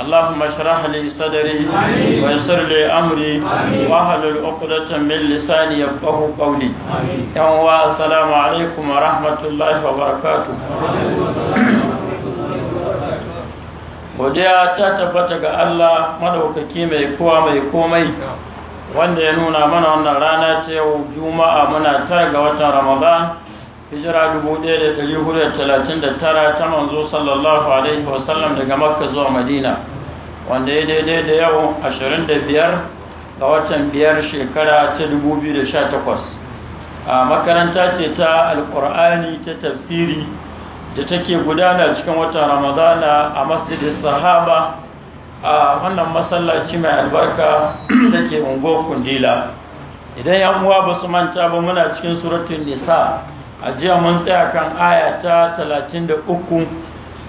اللهم اشرح لي صدري ويسر لي امري واحلل عقدة من لساني يفقه قولي يوم السلام عليكم ورحمة الله وبركاته godiya ta tabbata ga Allah maɗaukaki mai kowa mai komai wanda ya nuna mana wannan rana ta yau juma'a muna ta ga watan ramadan hijira 1439 ta manzo sallallahu alaihi wasallam daga makka zuwa madina wanda ya daidai da yau 25 ga watan biyar shekara ta 2018 a makaranta ce ta alkur'ani ta tafsiri da take gudana cikin watan ramadana a masjidin sahaba a wannan masallaci mai albarka da ke unguwar kundila idan yan uwa ba su manta ba muna cikin suratun nisa a jiya mun tsaya kan aya ta 33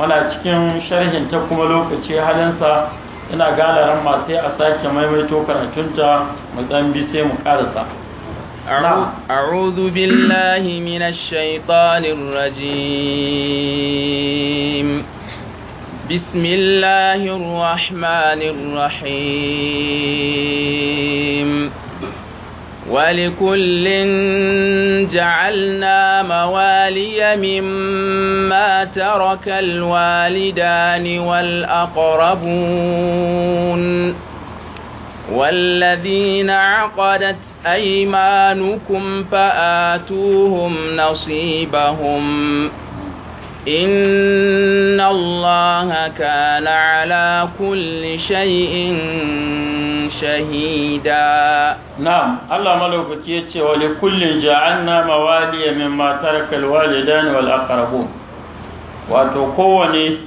muna cikin sharhin ta kuma lokaci halinsa ina galaran masu sai a sake maimaito karatunta mu dan bi sai mu karasa أعوذ بالله من الشيطان الرجيم بسم الله الرحمن الرحيم ولكل جعلنا موالي مما ترك الوالدان والأقربون والذين عقدت أيمانكم فآتوهم نصيبهم إن الله كان على كل شيء شهيدا نعم الله ملوك يتي ولكل جعلنا موالي مما ترك الوالدان والأقربون وتقوني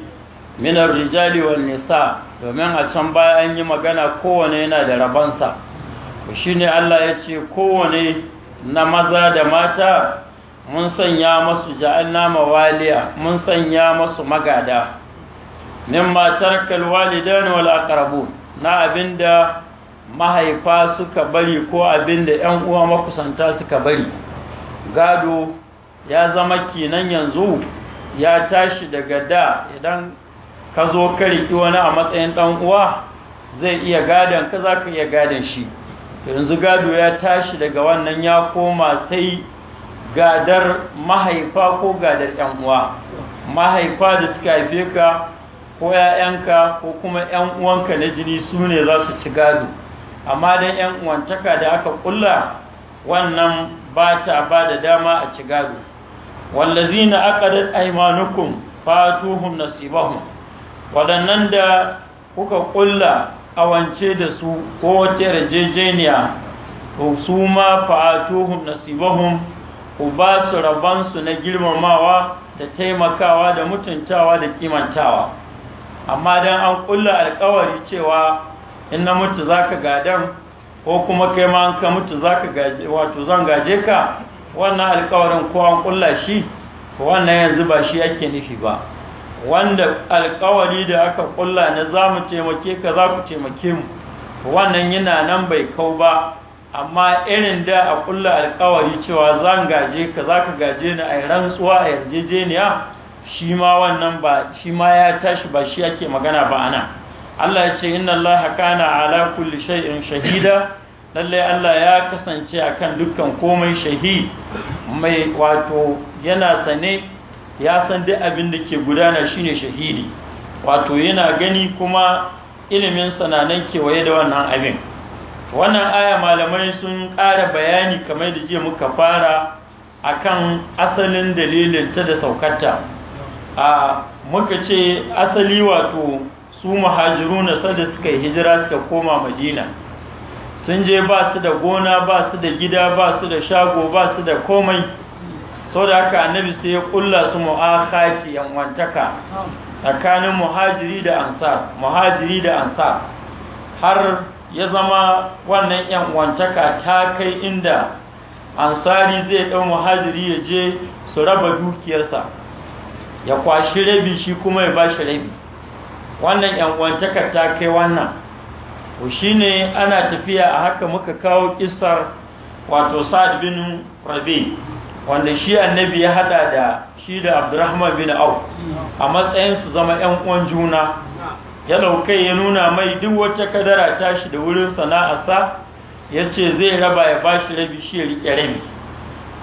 من الرجال والنساء domin a can baya an yi magana kowane yana da rabansa shi ne Allah ya ce kowane na maza da mata mun sanya masu ja'alna mawaliya mun sanya masu magada mimma tarakal walidain wal aqrabun na abinda mahaifa suka bari ko abinda ƴan uwa makusanta suka bari gado ya zama kenan yanzu ya tashi daga da idan ka zo ka riki wani a matsayin ɗan uwa zai iya gadon ka za ka iya gadon shi yanzu gado ya tashi daga wannan ya koma sai gadar mahaifa ko gadar yan uwa mahaifa da suka haife ka ko ‘ya'yanka ko kuma ‘yan uwanka na jini su ne za su ci gado amma don ‘yan uwantaka da aka kulla wannan ba ta ba da dama a ci gado wallazi na aƙadar aimanukun fatuhun nasibahun waɗannan da kuka kulla awance da su ko wata yarjejeniya to su ma fa'atuhun nasibahun ku ba su rabansu na girmamawa da taimakawa da mutuntawa da kimantawa amma dan an kulla alkawari cewa in na mutu zaka gadan ko kuma kai ma an ka mutu zaka gaje wato zan gaje ka wannan alkawarin ko an kulla shi to wannan yanzu ba shi yake nufi ba wanda alkawari da aka kulla na za mu taimake ka za ku taimake mu wannan yana nan bai kau ba amma irin da a kulla alkawari cewa zan gaje ka za ka gaje ni a rantsuwa a yarjejeniya shi ma wannan ba shi ma ya tashi ba shi ake magana ba ana Allah ya ce inna Allah kana ala kulli shay'in shahida lalle Allah ya kasance akan dukkan komai shahi mai wato yana sane ya san duk abin da ke gudana shine shahidi wato yana gani kuma ilimin sananan kewaye da wannan abin wannan aya malamai sun ƙara bayani kamar da jiya muka fara akan asalin dalilin ta da saukarta a muka ce asali wato su mahajiru na sada suka yi hijira suka koma madina sun je ba su da gona ba su da gida ba su da shago ba su da komai sau da haka annabi sai ya kulla su 'yan yanwantaka tsakanin muhajiri da ansar muhajiri da ansar har ya zama wannan yan wantaka ta kai inda ansari zai ɗan muhajiri ya je su raba dukiyarsa ya kwashi rabi shi kuma ya bashi rabi wannan yan wantaka ta kai wannan shi shine ana tafiya a haka muka kawo kissar wato Sa'ad bin Rabi wanda shi annabi ya hada da shi da Abdurrahman bin Auf a matsayin su zama yan uwan juna ya daukai ya nuna mai duk wata kadara tashi da wurin sana'arsa ya ce zai raba ya bashi rabi shi ya riƙe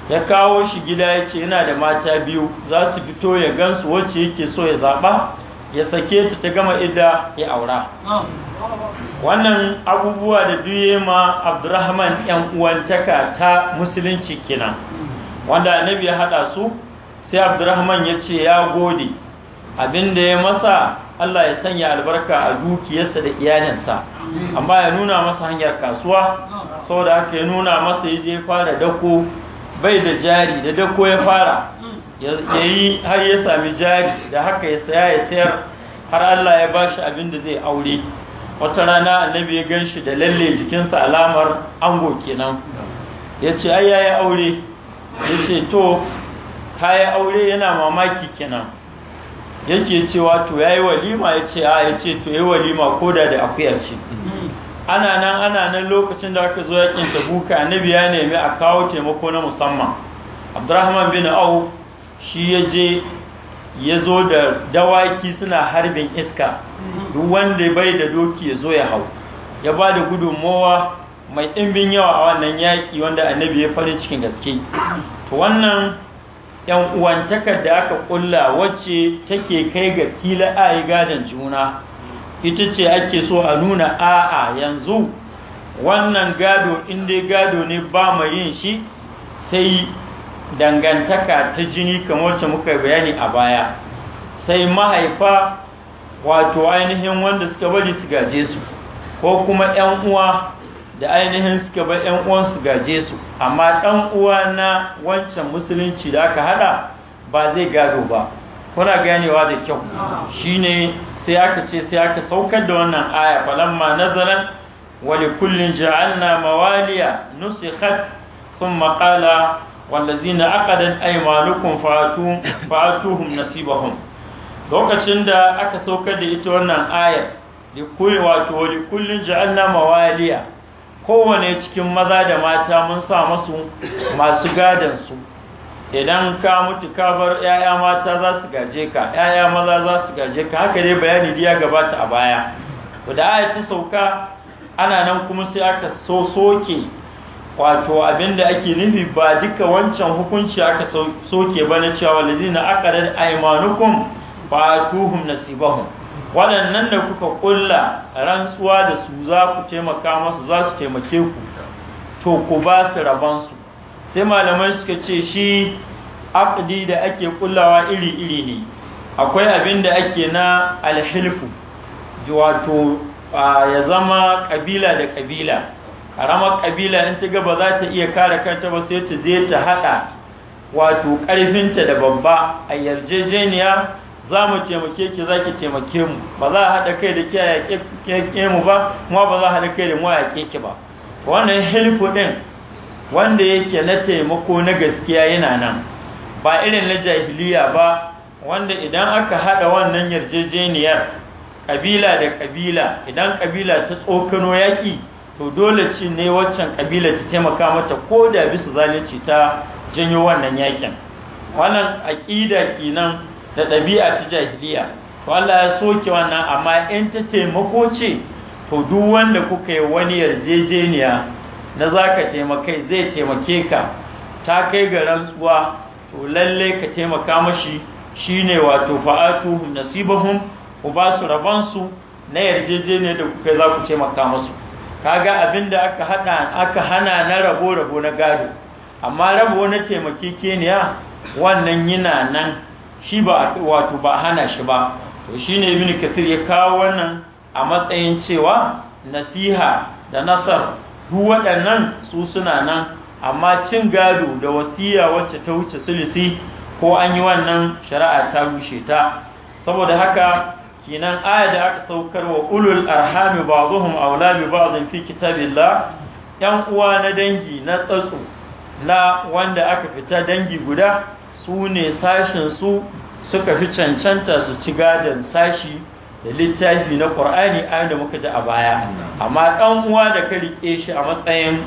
ya kawo shi gida ya ce yana da mata biyu za su fito ya gansu wacce yake so ya zaɓa ya sake ta ta gama idda ya aura wannan abubuwa da duye ma abdurrahman yan uwantaka ta musulunci kenan wanda annabi ya haɗa su sai abdurrahman ya ce ya gode abin da ya masa Allah ya sanya albarka a dukiyarsa da iyalinsa amma ya nuna masa hanyar kasuwa saboda haka ya nuna masa ya je fara dako bai da jari da dako ya fara ya yi har ya sami jari da haka ya saya ya sayar har Allah ya bashi abin da zai aure wata rana annabi ya gan shi da lalle jikinsa alamar ango kenan ya ce ai ya aure ya ce to ka aure yana mamaki kenan yake cewa to yayi walima yace a yace to yayi walima koda da akuya ce ana nan ana nan lokacin da aka zo yakin tabuka annabi ya nemi a kawo taimako na musamman abdurrahman bin Au shi ya je ya zo da dawaki suna harbin iska duk wanda bai da doki ya zo ya hau ya ba da gudunmowa mai ɗimbin yawa a wannan yaƙi wanda annabi ya fari cikin gaske to wannan yan uwantakar da aka ƙulla wacce take kai ga tila ayi gadon juna ita ce ake so a nuna a'a yanzu wannan gado in gado ne ba mai yin shi sai dangantaka ta jini kamar wacce muka bayani a baya sai mahaifa wato ainihin wanda suka bari su gaje su ko kuma 'yan uwa da ainihin suka bar ‘yan uwansu gaje su amma ɗan uwa na wancan musulunci da aka hada ba zai gado ba kuna ganewa da kyau shine sai aka ce sai aka saukar da wannan aya falamma nazalan wali kullin ja'alna mawaliya nusikhat thumma qala wallazina aqadat aymanukum fa'atu fa'atuhum nasibahum lokacin da aka saukar da ita wannan aya wato li kullin ja'alna mawaliya kowane cikin maza da mata mun sa masu masu gadon su idan ka mutu ka bar ‘ya'ya mata za su gaje ka ‘ya'ya maza za su gaje ka haka dai bayani ya gabata a baya da aya ta sauka ana nan kuma sai aka so soke wato abinda ake nufi ba duka wancan hukunci aka soke ba na cewa lazina aqadat aymanukum tuhum nasibahum waɗannan da kuka ƙulla rantsuwa da su za ku taimaka masu za su taimake ku to ku ba su rabansu sai malamai suka ce shi aqdi da ake ƙullawa iri-iri ne akwai abin da ake na alhilfu wato ya zama ƙabila da ƙabila ƙaramar ƙabila in ta gaba za ta iya kare kanta ba sai ta je ta haɗa wato ƙarfinta da babba a yarjejeniya za mu taimake ki za ki taimake mu ba za a haɗa kai da ki a yaƙe mu ba kuma ba za a haɗa kai da mu a yaƙe ki ba wannan helfo ɗin wanda yake na taimako na gaskiya yana nan ba irin na jahiliya ba wanda idan aka haɗa wannan yarjejeniyar ƙabila da ƙabila idan ƙabila ta tsokano yaƙi to dole ce ne waccan ƙabila ta taimaka mata ko da bisa zalunci ta janyo wannan yaƙin wannan aƙida kenan da ɗabi'a ta jahiliya to Allah ya soke wannan amma in ta taimako ce to duk wanda kuka yi wani yarjejeniya na za ka taimakai zai taimake ka ta kai ga rantsuwa to lalle ka taimaka mashi ne wato fa'atu nasibahun ku ba su rabansu na yarjejeniya da kuka za ku taimaka masu. kaga da aka hada aka hana na rabo rabo na gado amma rabo na taimakekeniya wannan yana nan shi ba wato ba hana shi ba to shine ibn kasir ya kawo wannan a matsayin cewa nasiha da nasar duk waɗannan su suna nan amma cin gado da wasiya wacce ta wuce sulisi ko an yi wannan shari'a ta rushe ta saboda haka kinan aya da aka saukar wa ulul arhami ba'dhum awla bi ba'dhin fi kitabillah yan uwa na dangi na tsatsu na wanda aka fita dangi guda su ne sashin su suka fi cancanta su ci gadon sashi da littafi na ƙur'ani ayin da muka ji a baya amma ɗan uwa da ka riƙe shi a matsayin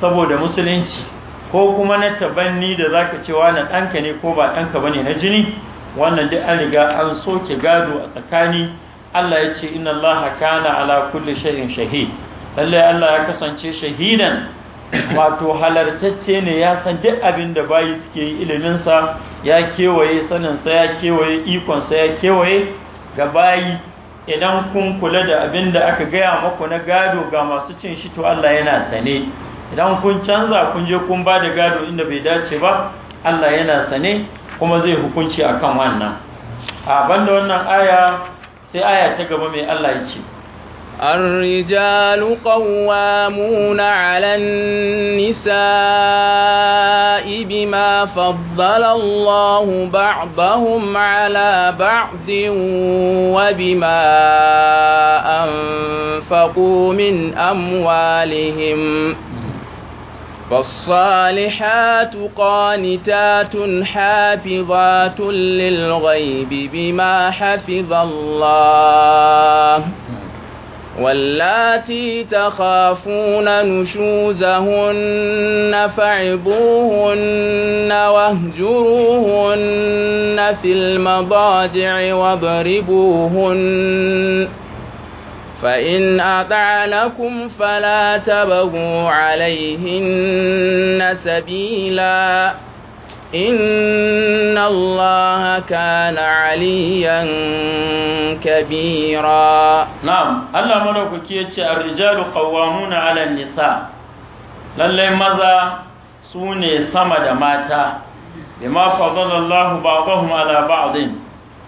saboda musulunci ko kuma na tabanni da zaka cewa na ɗanka ne ko ba ɗanka bane na jini wannan duk an riga an soke gado a tsakani Allah ya ce inna Allah kana ala kulli shay'in shahid lalle Allah ya kasance shahidan wato halartacce ne ya san duk abin da bayi suke yi iliminsa ya kewaye saninsa ya kewaye ikonsa ya kewaye ga bayi idan kun kula da abin da aka gaya maku na gado ga masu cin shi to Allah yana sane idan kun canza kun je kun ba da gado inda bai dace ba Allah yana sane kuma zai hukunci akan wannan a banda wannan aya sai aya ta gaba mai Allah ya ce الرجال قوامون على النساء بما فضل الله بعضهم على بعض وبما أنفقوا من أموالهم فالصالحات قانتات حافظات للغيب بما حفظ الله واللاتي تخافون نشوزهن فعظوهن واهجروهن في المضاجع واضربوهن فإن أطعنكم فلا تبغوا عليهن سبيلاً إن الله كان عليا كبيرا نعم الله ملوك كيتش الرجال قوامون على النساء للي ماذا سوني صمد ماتا بما فضل الله بعضهم على بعض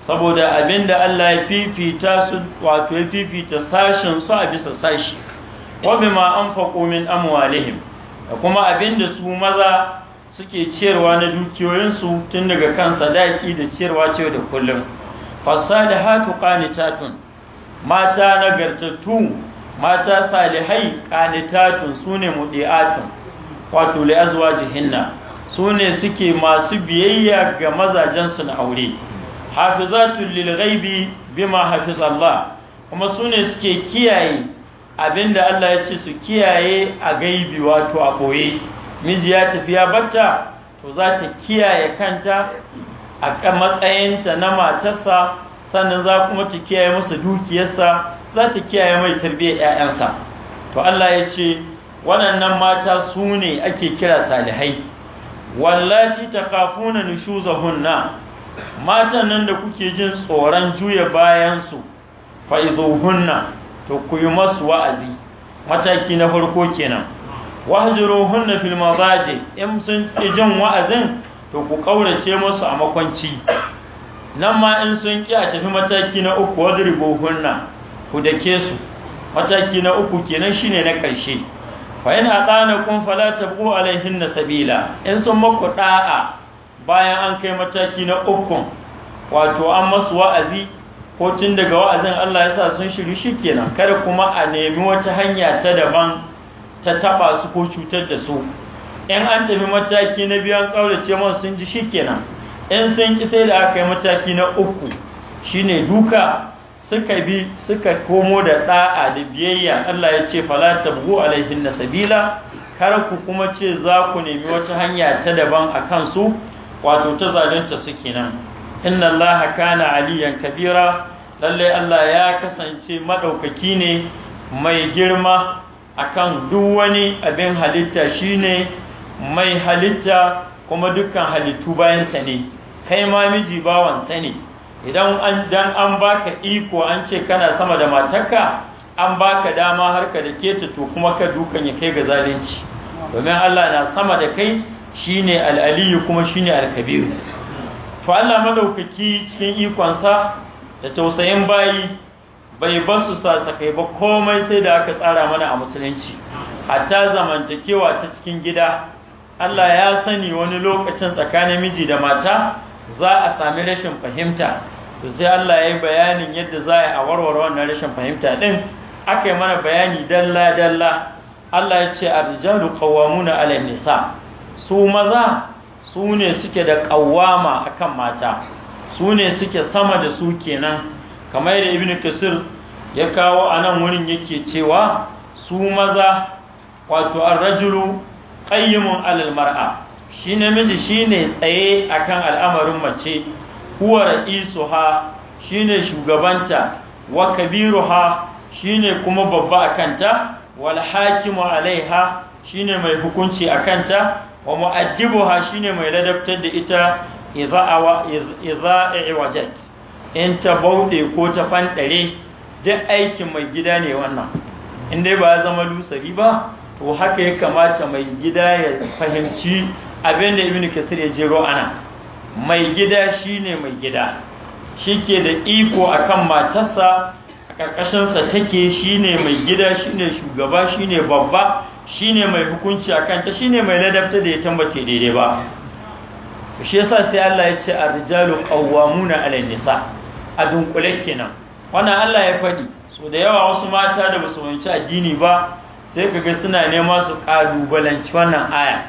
saboda abinda Allah ya fifita su wato ya fifita sashin su a bisa sashi wa bima anfaqu min amwalihim da kuma abinda su maza suke ciyarwa na dukiyoyinsu tun daga kan sadaki da ciyarwa cewa da kullum fasada hatu qanitatun mata nagartattu mata salihai qanitatun sune mudiatun wato li azwajihinna sune suke masu biyayya ga mazajensu na aure hafizatul lil ghaibi bima hafizallah kuma sune suke kiyaye abinda Allah ya ce su kiyaye a gaibi wato a koye miji ya tafi ya barta to za ta kiyaye kanta a matsayinta na matarsa sannan za kuma ta kiyaye masa dukiyarsa za ta kiyaye mai tarbiyya 'ya'yansa to Allah ya ce waɗannan mata su ne ake kira salihai wallati ta kafuna nushuzahunna matan nan da kuke jin tsoron juya bayansu fa'izuhunna to ku yi masu wa'azi mataki na farko kenan wahjuruhunna fil madaji in sun ki jin wa'azin to ku kaurace musu a makwanci nan ma in sun ki a tafi mataki na uku wadribuhunna ku dake su mataki na uku kenan shine na karshe fa in kun fala tabqu alaihin sabila in sun maku da'a bayan an kai mataki na uku wato an masu wa'azi ko tun daga wa'azin Allah ya sa sun shiru kenan. kada kuma a nemi wata hanya ta daban ta taba su ko cutar da su in an tafi mataki na biyan ce masu sun ji shikenan in sun ki sai da aka yi mataki na uku shine duka suka bi suka komo da ɗa'a da biyayya Allah ya ce a laifin na Sabila? kar ku kuma ce za ku nemi wata hanya ta daban a kansu wato ta zalunta su kenan inna Allah kana aliyan kabira Lallai Allah ya kasance maɗaukaki ne mai girma akan duk wani abin halitta shine mai halitta kuma dukkan halittu bayansa ne kai ma miji bawansa ne idan an dan an baka iko an ce kana sama da matarka an baka dama har ka da keta to kuma ka dukan ya kai ga zalunci domin Allah na sama da kai shine al-aliyu kuma shine al-kabir to Allah madaukaki cikin ikonsa da tausayin bayi bai ba su sasakai ba komai sai da aka tsara mana a musulunci hatta zamantakewa ta cikin gida Allah ya sani wani lokacin tsakanin miji da mata za a sami rashin fahimta to sai Allah ya yi bayanin yadda za a warware wannan rashin fahimta din aka yi mana bayani dalla dalla Allah ya ce arjalu qawwamuna 'ala nisa su maza su ne suke da qawwama akan mata su ne suke sama da su kenan kamar da ibnu kasir ya kawo a nan wurin yake cewa su maza wato an rajulu ƙayyumin alalmar'a. shi namiji ne tsaye a kan al'amarin mace ha shi ne shugabanta wa Kabiru ha shi ne kuma babba a akanta wal hakimu shi ne mai hukunci a kanta, wa ha shi ne mai ladabtar da ita idza'a wa in ta bauɗe ko ta fanɗare duk aikin mai gida ne wannan in dai ba ya zama lusari ba to haka ya kamata mai gida ya fahimci abinda Ibn ya jero ana mai gida shine mai gida ke da iko akan matarsa a ƙarƙashinsa take shine mai gida shine shugaba shine babba shine mai hukunci akan ta shine mai ladabta da ya tambace daidai ba shi yasa sai Allah ya ce ar-rijalu qawwamuna 'ala nisa a dunkule kenan wannan Allah ya faɗi so da yawa wasu mata da basu wanci addini ba sai kaga suna nema su kalubalanci wannan aya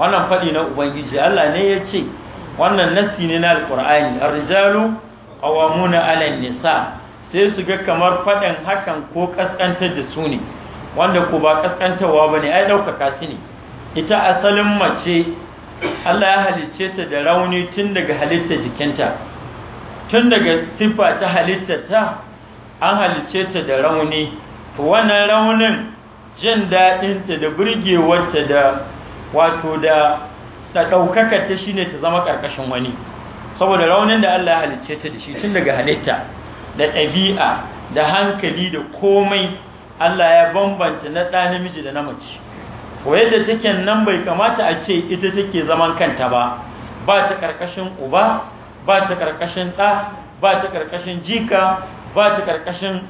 wannan faɗi na ubangiji Allah ne ya ce wannan nassi ne na alqur'ani ar-rijalu qawwamuna 'ala nisa sai su ga kamar faɗin hakan ko kaskantar da su ne wanda ko ba kaskantawa bane ai ɗaukaka su ne ita asalin mace Allah ya halicce ta da rauni tun daga halitta jikinta tun daga siffa ta halittata an halice ta da rauni wannan raunin jin daɗinta da burgewarta da wato da ɗaukaka ta shine ta zama ƙarƙashin wani saboda raunin da Allah ya halicce ta da shi tun daga halitta da ɗabi'a da hankali da komai Allah ya bambanta na ɗa namiji da na mace yadda take nan bai kamata a ce ita take zaman kanta ba ba ta ƙarƙashin uba ba ta karkashin ɗa ba ta karkashin jika ba ta karkashin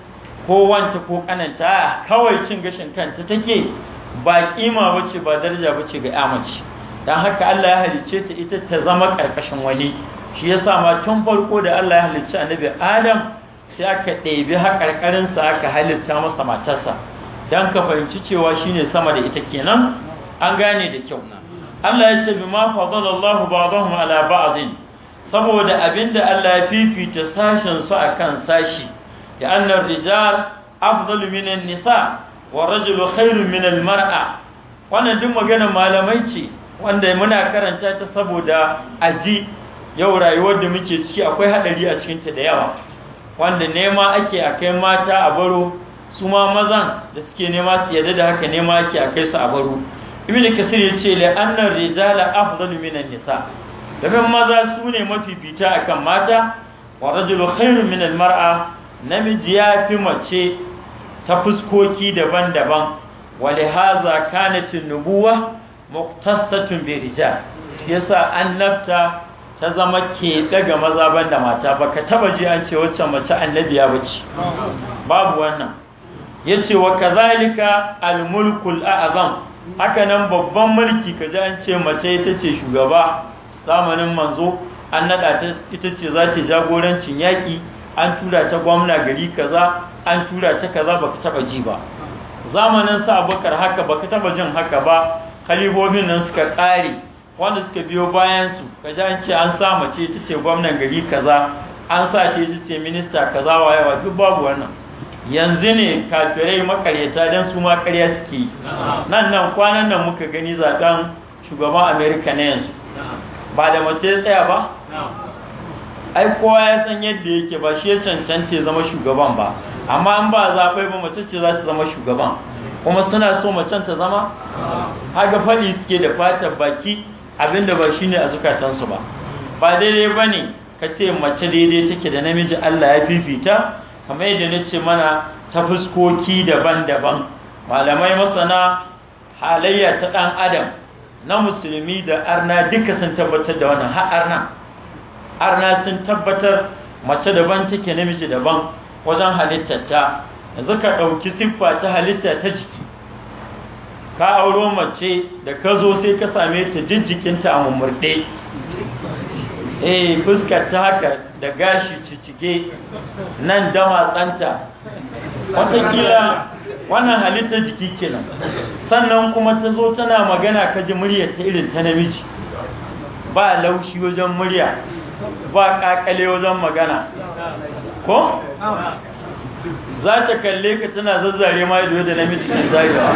kowanta ko kananta kawai cin gashin kanta take ba kima bace ba daraja bace ga mace. dan haka Allah ya halice ta ita ta zama karkashin wani shi yasa ma tun farko da Allah ya halice annabi Adam sai aka ɗebi haƙarƙarinsa sa aka halitta masa matarsa dan ka fahimci cewa shine sama da ita kenan an gane da kyau Allah ya ce bima fadala ba zan ala ba'dhin saboda abinda Allah ya fifita sashen su akan sashi ya annar rijal afdalu minan nisa wa rajulu khairun minal mar'a wannan duk magana malamai ce wanda muna karanta ta saboda aji yau rayuwar da muke ciki akwai hadari a cikin ta da yawa wanda nema ake akai mata a baro su ma mazan da suke nema su yadda da haka nema ake akai su a baro ibnu kasir yace la annar rijala afdalu minan nisa domin maza su ne mafifita kan mata wa rajulu khairun min mar'a, namiji ya fi mace ta fuskoki daban-daban wa lihaza kanat an-nubuwa muqtasatun Ya sa yasa annabta ta zama ke daga maza banda mata ba ka taba ji an ce wacce mace annabiya ce. babu wannan Ya ce wa ka zalika almulkul haka nan babban mulki kaji an ce mace ita ce shugaba zamanin manzo an naɗa ta ita ce za ta jagorancin yaƙi an tura ta gwamna gari kaza an tura ta kaza baka taba ji ba zamanin sa abubakar haka baka taba jin haka ba khalifofin nan suka ƙare wanda suka biyo bayan su kaji an ce an sa mace ita ce gwamnan gari kaza an sa ta ita ce minista kaza yawa, duk babu wannan yanzu ne kafirai makaryata dan su ma karya suke yi nan nan kwanan nan muka gani zaɓen shugaban amerika na yanzu ba da mace ya tsaya ba ai kowa ya san yadda yake ba shi ya cancanta zama shugaban ba amma in ba zafai ba mace ce za ta zama shugaban kuma suna so macen ta zama haka faɗi suke da fatan baki abinda ba shi ne a zukatansu ba ba daidai ba ne ka ce mace daidai take da namiji Allah ya fifita kamar yadda na ce mana ta fuskoki daban-daban malamai masana halayya ta ɗan adam na musulmi da arna duka sun tabbatar da wannan har arna arna sun tabbatar mace daban take namiji daban wajen halittar ta yanzu ka ɗauki siffa ta halitta ta jiki ka auro mace da ka zo sai ka same ta duk jikinta a mummurɗe eh fuskar ta haka da gashi cicike nan da matsanta watakila wannan halittar jiki kenan sannan kuma ta zo tana magana ka ji muryar ta irin ta namiji ba laushi wajen murya ba kakale wajen magana ko za ta kalle ka tana zazzare ma yadda da namiji ke zagewa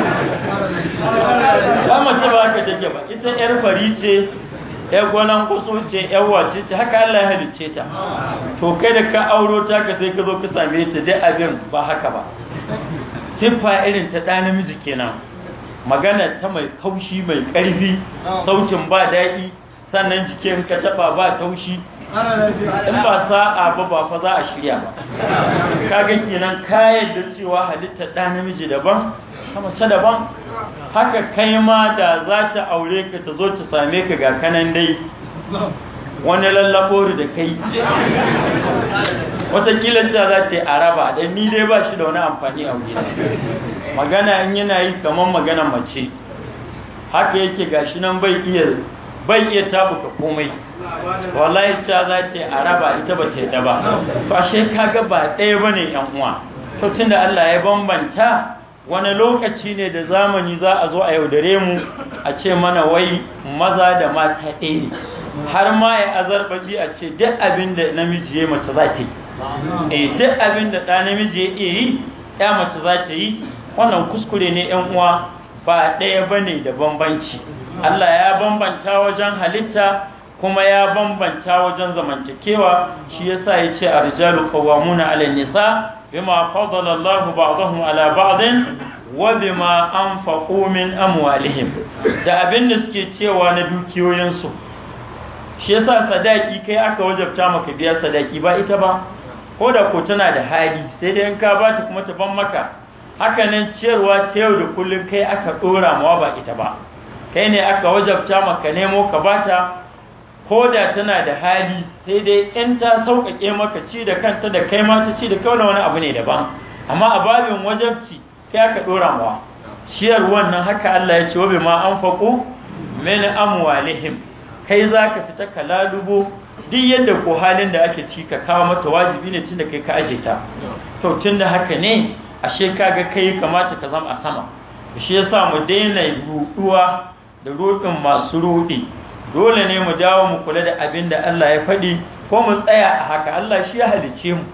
ba mace ba haka take ba ita yar fari ce yar gwanan kusur ce yar wace ce haka Allah ya halicce ta to kai da ka auro ta ka sai ka zo ka same ta dai abin ba haka ba siffa irin ta ɗa namiji kenan magana ta mai kaushi mai ƙarfi oh. sautin ba daɗi sannan jikin ka taɓa ba taushi in ba sa'a ba ba fa za a shirya ba kaga kenan ka yadda cewa halitta ɗa namiji daban ta mace daban haka kai ma da za ta aure ka ta zo ta same ka ga kanan dai oh. wani lallabo da kai watakila cewa za ce a raba da ni dai ba shi da wani amfani a wuri magana in yana yi kamar magana mace haka yake gashi nan bai iya bai iya tabuka komai wallahi cewa za ce a raba ita ba ta ya daba. ba shi kaga ba ɗaya ba ne yan uwa to tunda Allah ya bambanta wani lokaci ne da zamani za a zo a yaudare mu a ce mana wai maza da mata ɗaya ne har ma ya azarbaji a ce duk abin da namiji ya mace za ta yi eh, duk abin da namiji ya iya yi ya mace za ta yi wannan kuskure ne yan uwa ba ɗaya bane da bambanci Allah ya bambanta wajen halitta kuma ya bambanta wajen zamantakewa shi yasa ya ce a rijalu ala nisa bima fadala Allah ba'dahum ala ba'din wa bima anfaqu min amwalihim da abin da suke cewa na dukiyoyinsu shi yasa sadaki kai aka wajabta maka biya sadaki ba ita ba ko da ko tana da hali sai dai in ka ba kuma ta ban maka haka nan ciyarwa ta yau da kullun kai aka dora mawa ba ita ba kai ne aka wajabta maka nemo ka bata ko da tana da hali sai dai in ta sauƙaƙe maka ci da kanta da kai ma ta ci da kai wani abu ne daban amma a babin wajabci kai aka dora mawa ciyarwan nan haka Allah ya ce wa bi ma anfaqu min amwalihim kai za ka fita ka lalubo duk yadda ko halin da ake ci ka kawo mata wajibi ne tunda kai ka aje ta to tun da haka ne ashe ka ga kai kamata ka zama a sama shi yasa mu daina ruduwa da rudin masu rudi dole ne mu dawo mu kula da abin da Allah ya faɗi ko mu tsaya a haka Allah shi ya halice mu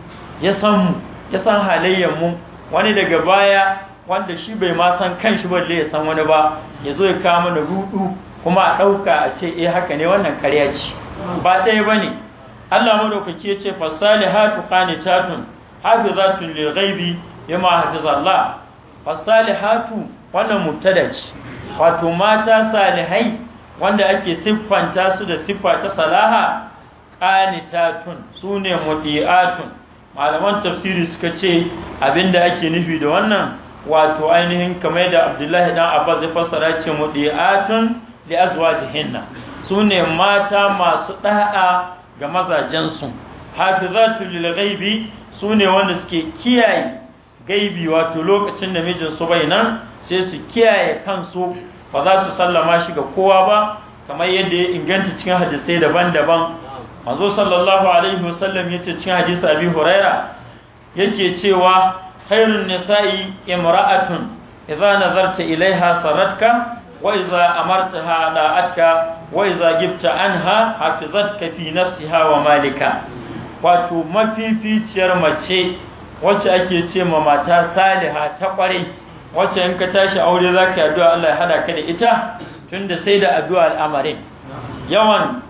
ya san mu ya san halayyar mu wani daga baya wanda shi bai ma san kanshi balle ya san wani ba ya zo ya kawo mana rudu kuma a ɗauka a ce eh haka ne wannan karya ce ba ɗaya ba ne Allah madaukaki ya ce hafi za tun lil ghaibi zalla fasali hatu wannan mutada ce wato mata salihai wanda ake siffanta su da siffa ta salaha su sune mutiatun malaman tafsiri suka ce abinda ake nufi da wannan wato ainihin kamar da Abdullahi dan Abbas ya fassara ce mutiatun li azwajihinna sune mata masu da'a ga mazajensu hafizatu lil ghaibi sune wanda suke kiyaye gaibi wato lokacin da mijin bai nan sai su kiyaye kansu ba za su sallama shi ga kowa ba kamar yadda ya inganta cikin hadisai daban-daban manzo sallallahu alaihi wasallam yace cikin hadisi abi huraira yake cewa khairun nisa'i imra'atun idza nazarta ilaiha saratka وإذا أمرتها داعتك وإذا جبت عنها حفظتك في wa Malika. wato mafificiyar mace wacce ake ce ma mata saliha ta kwarai wacce in ka tashi aure za ka yi addu'a Allah ya hada ka da ita tunda sai da addu'a al'amarin yawan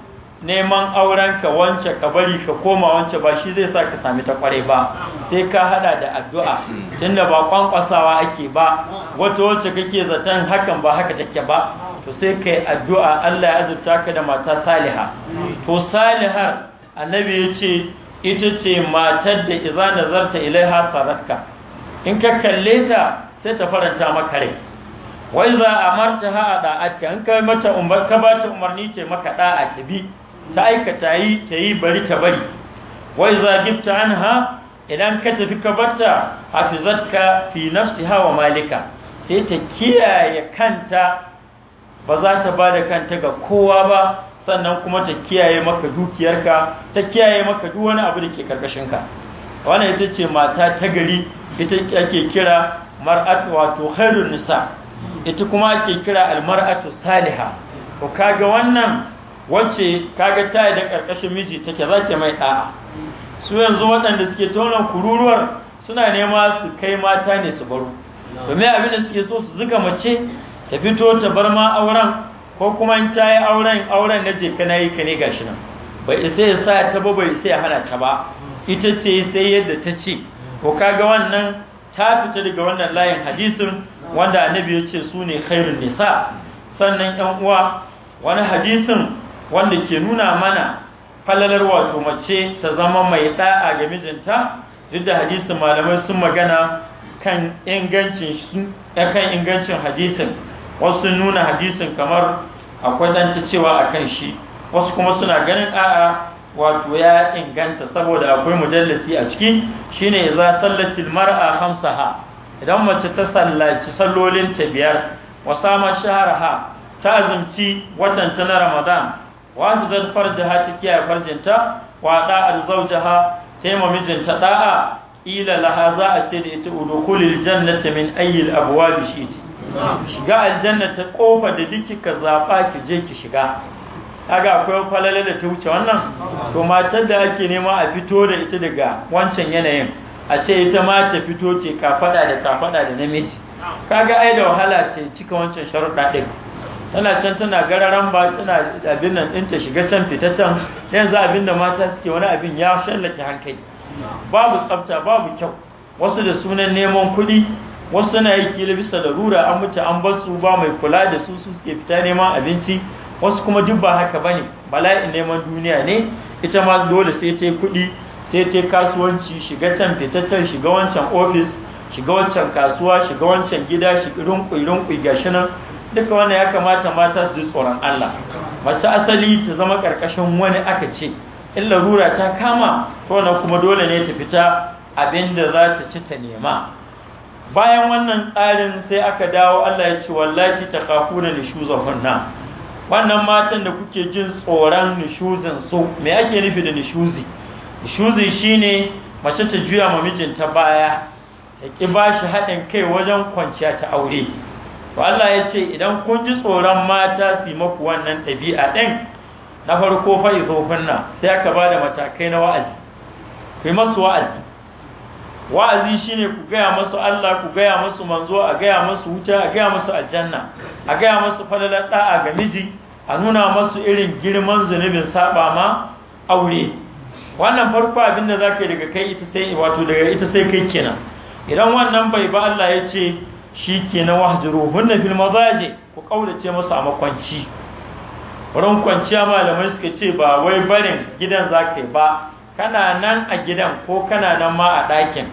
neman auren ka wance ka bari ka koma wance ba shi zai sa ka sami ta kware ba sai ka hada da addu'a tunda ba kwankwasawa ake ba wata wace kake zaton hakan ba haka take ba to sai kai addu'a Allah ya azurta ka da mata saliha to Saliha annabi ya ce ita ce matar da iza nazarta ilaiha saratka in ka kalle ta sai ta faranta maka rai wai za a marta ha a da'atka in ka mata umar ta umarni ce maka da'a ta bi ta aikata yi ta yi bari ta bari wai zagibta ha? idan ka tafi ka barta hafizatka fi nafsiha hawa malika sai ta kiyaye kanta ba za ta ba da kanta ga kowa ba sannan kuma ta kiyaye maka dukiyarka ta kiyaye maka duk wani abu da ke karkashinka wannan ita ce mata ta gari ita ake kira mar'at wato khairun nisa ita kuma ake kira almar'atu salihah to kaga wannan wacce kaga ta da karkashin miji take zake mai ɗa'a? su yanzu waɗanda suke tonon kururuwar suna nema su kai mata ne su baro domin abin da suke so su zuga mace ta fito ta bar ma auren ko kuma in ta yi auren auren na je na yi ka ne gashi nan bai isa ya sa ta ba bai isa ya hana ta ba ita ce sai yadda ta ce ko kaga wannan ta fita daga wannan layin hadisin wanda annabi ya ce su ne khairun nisa sannan yan uwa wani hadisin wanda ke nuna mana falalar wato mace ta zama mai da'a ga mijinta duk da hadisin malamai sun magana kan ingancin kan ingancin hadisin wasu nuna hadisin kamar akwai danta cewa akan shi wasu kuma suna ganin a'a wato ya inganta saboda akwai mujallisi a ciki shine idza sallatil mar'a khamsaha idan mace ta sallaci sallolin ta biyar wa sama shahraha ta azumci watan ta na Ramadan wasu zan farjaha ta kiyaye farjinta wa da'ar zawjaha ta yi mijinta da'a ila laha za a ce da ita udukulil jannata min ayyil abwabi shiti shiga aljanna ta kofa da duk kika zaba ki je ki shiga kaga akwai falala da ta wuce wannan to matar da ake nema a fito da ita daga wancan yanayin a ce ita ma ta fito ce ka fada da ka fada da namiji kaga ai da wahala ce cika wancan sharuɗa ɗin tana can tana gararan ba tana abin nan din shiga can fita can yanzu abin da mata suke wani abin ya shallake hankali babu tsafta babu kyau wasu da sunan neman kuɗi wasu suna yi kila bisa da rura an mutu an bar su ba mai kula da su su suke fita neman abinci wasu kuma duk ba haka bane bala'in neman duniya ne ita ma dole sai ta yi kuɗi sai ta yi kasuwanci shiga can fita can shiga wancan ofis shiga wancan kasuwa shiga wancan gida shiga rinƙui rinƙui gashi nan duka wanda ya kamata mata su ji tsoron Allah mace asali ta zama karkashin wani aka ce in larura ta kama to na kuma dole ne ta fita abinda za ta ci ta nema bayan wannan tsarin sai aka dawo Allah ya ce wallahi ta kafuna hunna wannan matan da kuke jin tsoron nishuzin su me ake nufi da nishuzi nishuzi shine mace ta juya ma mijinta baya ta ki bashi haɗin kai wajen kwanciya ta aure to Allah ya ce idan kun ji tsoron mata su maku wannan ɗabi'a ɗin na farko fa'i zofinna sai aka ba da matakai na wa'azi ku masu wa'azi wa'azi shine ku gaya masu Allah ku gaya masu manzo a gaya masu wuta a gaya masu aljanna a gaya masu falalar ga miji a nuna masu irin girman zunubin saɓa ma aure wannan farko abin da daga kai ita sai wato daga ita sai kai kenan idan wannan bai ba Allah ya ce shi ke na wahajiru hunna fil mazaje ku kaulace masu a makwanci wurin kwanciya malamai suka ce ba wai barin gidan za ka yi ba kana nan a gidan ko kana nan ma a ɗakin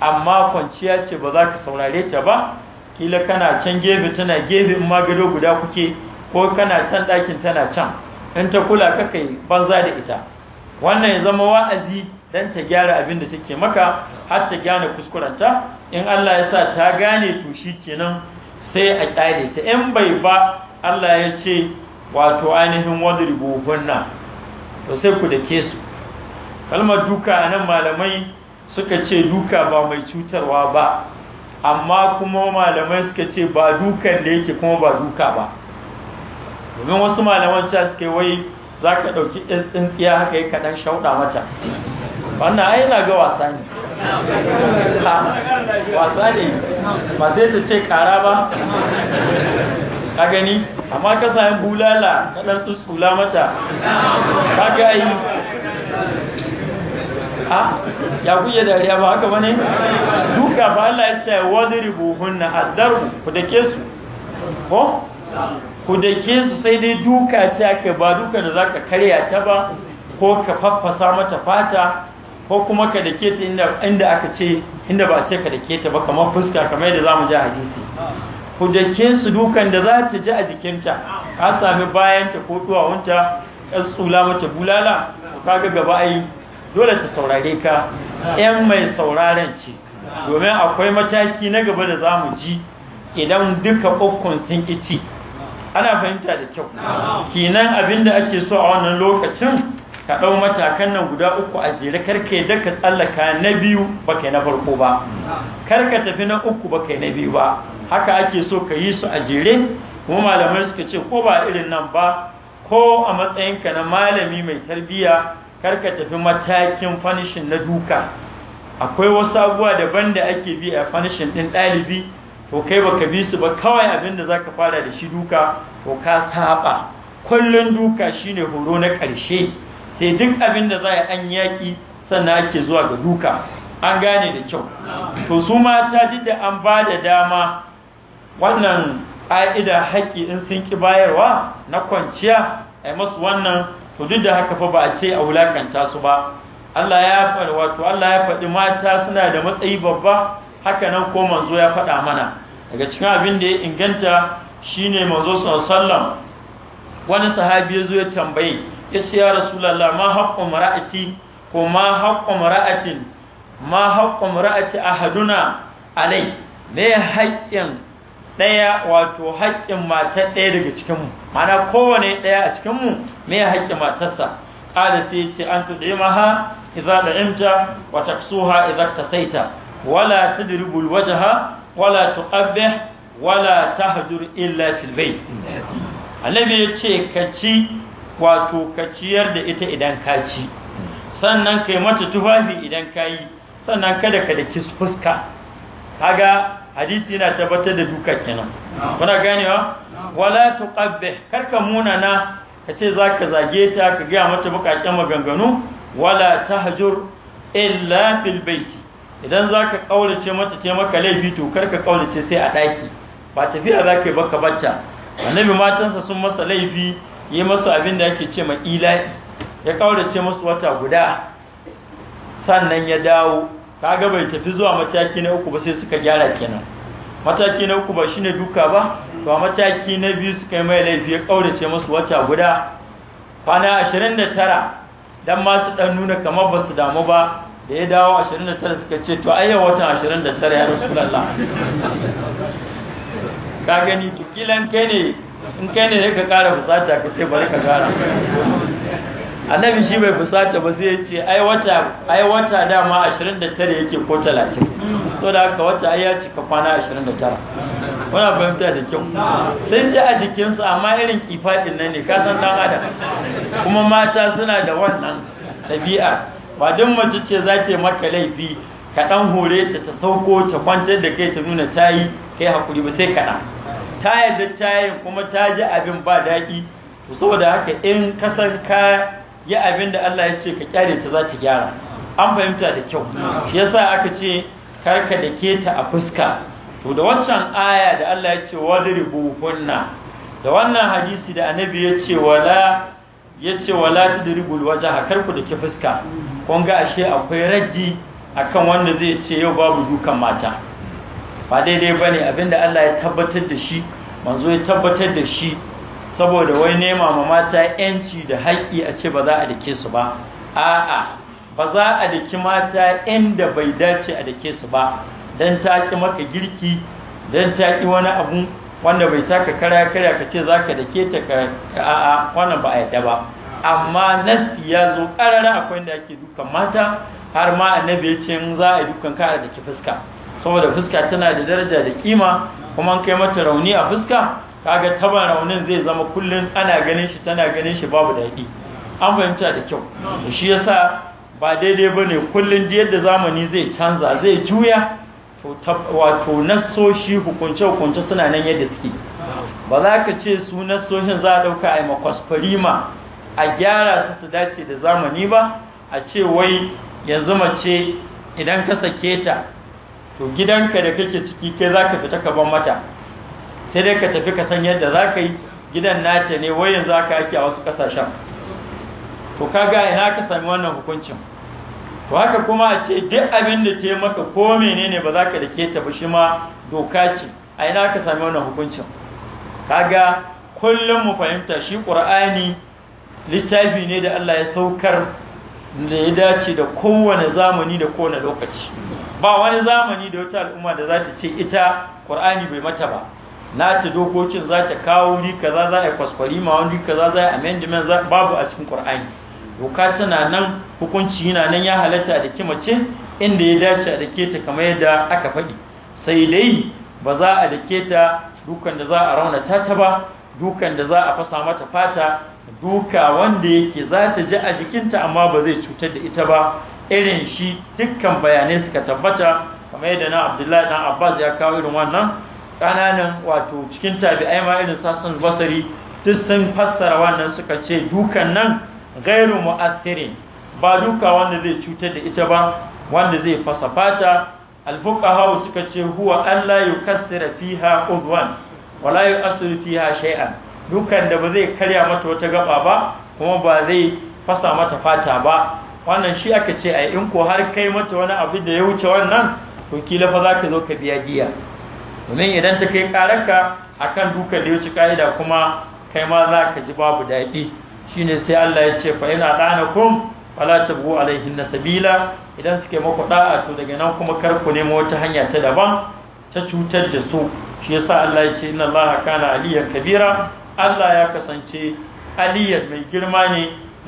amma kwanciya ce ba za ka saurare ta ba kila kana can gefe tana gefe in ma gado guda kuke ko kana can ɗakin tana can in ta kula kakai yi banza da ita wannan ya zama wa'azi dan ta gyara abin da take maka har ta gane kuskurenta in Allah ya sa ta gane to shikenan sai a ƙyale ta in bai ba Allah ya ce wato ainihin wadribubunna to sai ku dake su kalmar duka nan malamai suka ce duka ba mai cutarwa ba amma kuma malamai suka ce ba dukan da yake kuma ba duka ba domin wasu malaman cewa suke wai za ka ɗauki tsintsiya haka yi kaɗan shauɗa mata wannan ai yana ga wasa ne wasa ne ba sai ta ce kara ba ka gani amma ka sayan bulala ka dan tsula mata ka ga yi. a ya kuye dariya ba haka bane duka ba Allah ya ce wadribuhunna adarbu ku dake su ko ku dake su sai dai duka ce ake ba duka da zaka karya ta ba ko ka faffasa mata fata ko kuma ka dake ta inda aka ce inda ba a ce ka dake ta ba kamar fuska kamar yadda za mu ji a hadisi ku dake su dukan da za ta ji a jikinta ka sami bayanta ko duwawunta ka tsula mata bulala kaga gaba ai dole ta saurare ka yan mai sauraren ce domin akwai mataki na gaba da za mu ji idan duka ukun sun ƙici ana fahimta da kyau kenan da ake so a wannan lokacin ka ɗau matakan nan guda uku a jere karka yi ka tsallaka na biyu ba kai na farko ba karka tafi na uku ba kai na biyu ba haka ake so ka yi su a jere kuma malamai suka ce ko ba irin nan ba ko a matsayinka na malami mai tarbiyya karka tafi matakin fanishin na duka akwai wasu abubuwa daban da ake bi a fanishin ɗin ɗalibi to kai baka bi su ba kawai abin da ka fara da shi duka to ka saba kullun duka shine horo na ƙarshe sai duk abin da za a an yaƙi sannan ake zuwa ga duka an gane da kyau to su mata duk da an ba da dama wannan ƙa'ida haƙƙi in sun ƙi bayarwa na kwanciya a masu wannan to duk da haka fa ba a ce a wulakanta su ba Allah ya faɗi wato Allah ya faɗi mata suna da matsayi babba haka nan ko manzo ya faɗa mana daga cikin abin da ya inganta shine manzo sallallahu alaihi wasallam wani sahabi ya zo ya tambaye yace ya rasulullah ma haqqu mar'ati ko ma alai me haƙƙin ɗaya wato haƙƙin matar ɗaya daga cikinmu mana kowane ɗaya a cikinmu me haƙƙi matarsa ƙada sai ce an tud'imaha idza da'imta wa taksuha ta saita wala tadribul wajaha wala tuqabbih wala tahjur illa fil bayt annabi yace ka ci wato ka ciyar da ita idan ka ci sannan kai mata tufafi idan ka yi sannan kada ka da fuska kaga hadisi yana tabbatar da duka kenan kuna ganewa wala tuqabbih karka munana kace zaka zage ta ka gaya mata bukakken maganganu wala tahjur illa fil bait idan zaka kaulace mata ce maka laifi to karka kaulace sai a daki ba tafiya zaka yi baka bacca annabi matansa sun masa laifi yi masu abin da yake ce ma ya kaurace masu wata guda sannan ya dawo gaba ya tafi zuwa mataki na uku ba sai suka gyara kenan mataki na uku ba shi ne duka ba to mataki na biyu suka yi mai laifi ya kaurace masu wata guda kwana 29 don masu su dan nuna kamar ba su damu ba da ya dawo 29 suka ce to ayyar watan 29 ya rasulullah ka gani to kai ne in kai ne ka kara fusata ka ce bari ka kara annabi shi bai fusata ba sai ya ce ai wata ai wata dama 29 yake ko 30 so da haka wata ai ya cika kwana 29 wana fahimta da kyau sai ji a jikinsa amma irin kifadin nan ne kasan dan adam kuma mata suna da wannan tabi'a ba don mace ce za ta maka laifi ka ɗan hore ta ta sauko ta kwantar da kai ta nuna ta yi kai hakuri ba sai kaɗan ta yadda ta yi kuma ta ji abin ba daɗi to saboda haka in kasar ka yi abin da Allah ya ce ka kyare ta za ta gyara an fahimta da kyau shi yasa aka ce karka da keta a fuska to da wancan aya da Allah ya ce wadribu buhunna da wannan hadisi da annabi ya ce wala ya ce wala waje a karku da ke fuska kun ga ashe akwai raddi akan wanda zai ce yau babu dukan mata ba daidai ba ne abinda Allah ya tabbatar da shi manzo ya tabbatar da shi saboda wai nema ma mata yanci da haƙƙi a ce ba za a dake su ba a'a ba za a daki mata inda bai dace a dake su ba dan ta ki maka girki dan ta ki wani abu wanda bai taka kara kara ka ce zaka dake ta ka a'a wannan ba a yadda ba amma nasi ya zo karara akwai inda ake dukan mata har ma annabi ya ce in za a dukan ka da ki fuska saboda fuska tana da daraja da kima kuma kai mata rauni a fuska kaga taba raunin zai zama kullun ana ganin shi tana ganin shi babu daɗi an fahimta da kyau shi yasa ba daidai bane kullun da yadda zamani zai canza zai juya wato nasoshi hukunce hukunce suna nan yadda suke ba za ka ce su nassoshin za a ɗauka a makwasfarima a gyara su su dace da zamani ba a ce wai yanzu mace idan ka sake ta to gidanka da kake ciki kai za ka fita ka ban mata sai dai ka tafi ka san yadda za ka yi gidan nata ne wayan za ka ake a wasu ƙasashen to kaga ina ka sami wannan hukuncin to haka kuma a ce duk abin da ke maka ko menene ba za ka da ke tafi shi ma doka ce a ina ka sami wannan hukuncin kaga kullum mu fahimta shi ƙur'ani littafi ne da Allah ya saukar da ya dace da kowane zamani da kowane lokaci ba wani zamani da wata al'umma da za ta ce ita ƙur'ani bai mata ba na ta dokokin za ta kawo ri kaza za a yi kwaskwari ma wani kaza za a yi amendment babu a cikin ƙur'ani doka tana nan hukunci yana nan ya halatta da ke mace inda ya dace a dake ta kamar yadda aka faɗi sai dai ba za a dake ta dukan da za a raunata ta ba dukan da za a fasa mata fata duka wanda yake za ta ji a jikinta amma ba zai cutar da ita ba irin shi dukkan bayanai suka tabbata kamar yadda na abdullahi dan abbas ya kawo irin wannan ƙananan wato cikin tabi'ai ma irin sassan basari duk sun fassara wannan suka ce dukan nan gairu mu'assirin ba duka wanda zai cutar da ita ba wanda zai fasa fata al-fuqaha suka ce huwa an la yukassira fiha udwan wala yu'assiru fiha shay'an dukan da ba zai karya mata wata gaba ba kuma ba zai fasa mata fata ba wannan shi aka ce ai in ko har kai mata wani abu da ya wuce wannan to kila fa za ka zo ka biya giya? domin idan ta kai a akan dukan da ya wuce ka'ida kuma kai ma za ka ji babu daɗi shine sai Allah ya ce fa ina danakum fala tabgu alaihin sabila idan suke maku da'a to daga nan kuma kar ku nemo wata hanya ta daban ta cutar da su shi yasa Allah ya ce inna Allah kana aliyan kabira Allah ya kasance aliyar mai girma ne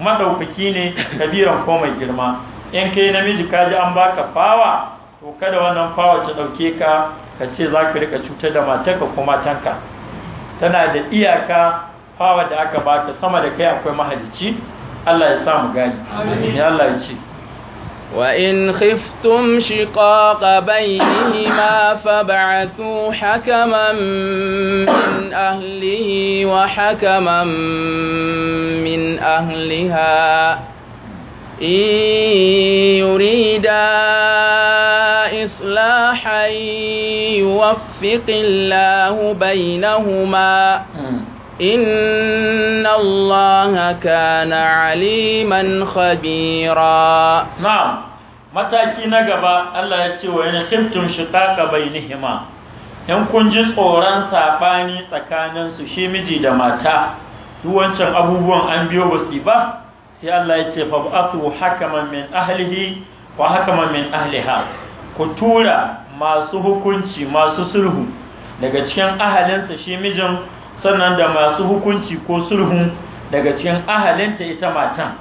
madaukaki ne kabiran ko mai girma in kai namiji ka ji an baka fawa to kada wannan fawa ta ɗauke ka ka ce za ka rika cutar da ka ko matanka tana da iyaka fawa da aka baka sama da kai akwai mahalicci Allah ya sa mu gani amin Allah ya ce وإن خفتم شقاق بينهما فابعثوا حكما من أهله وحكما من أهلها إن يريدا إصلاحا يوفق الله بينهما إن الله كان عليما خبيرا نعم متى كي نقبا الله يتسوى إن خفتم شقاق بينهما in kun ji tsoron saɓani tsakaninsu shi miji da mata wancan abubuwan an biyo ba su ba sai Allah ya ce fab'athu hakaman min ahlihi wa hakaman min ahliha ku tura masu hukunci masu sulhu daga cikin ahalinsa shi mijin sannan da masu hukunci ko sulhu daga cikin ahalinta ita matan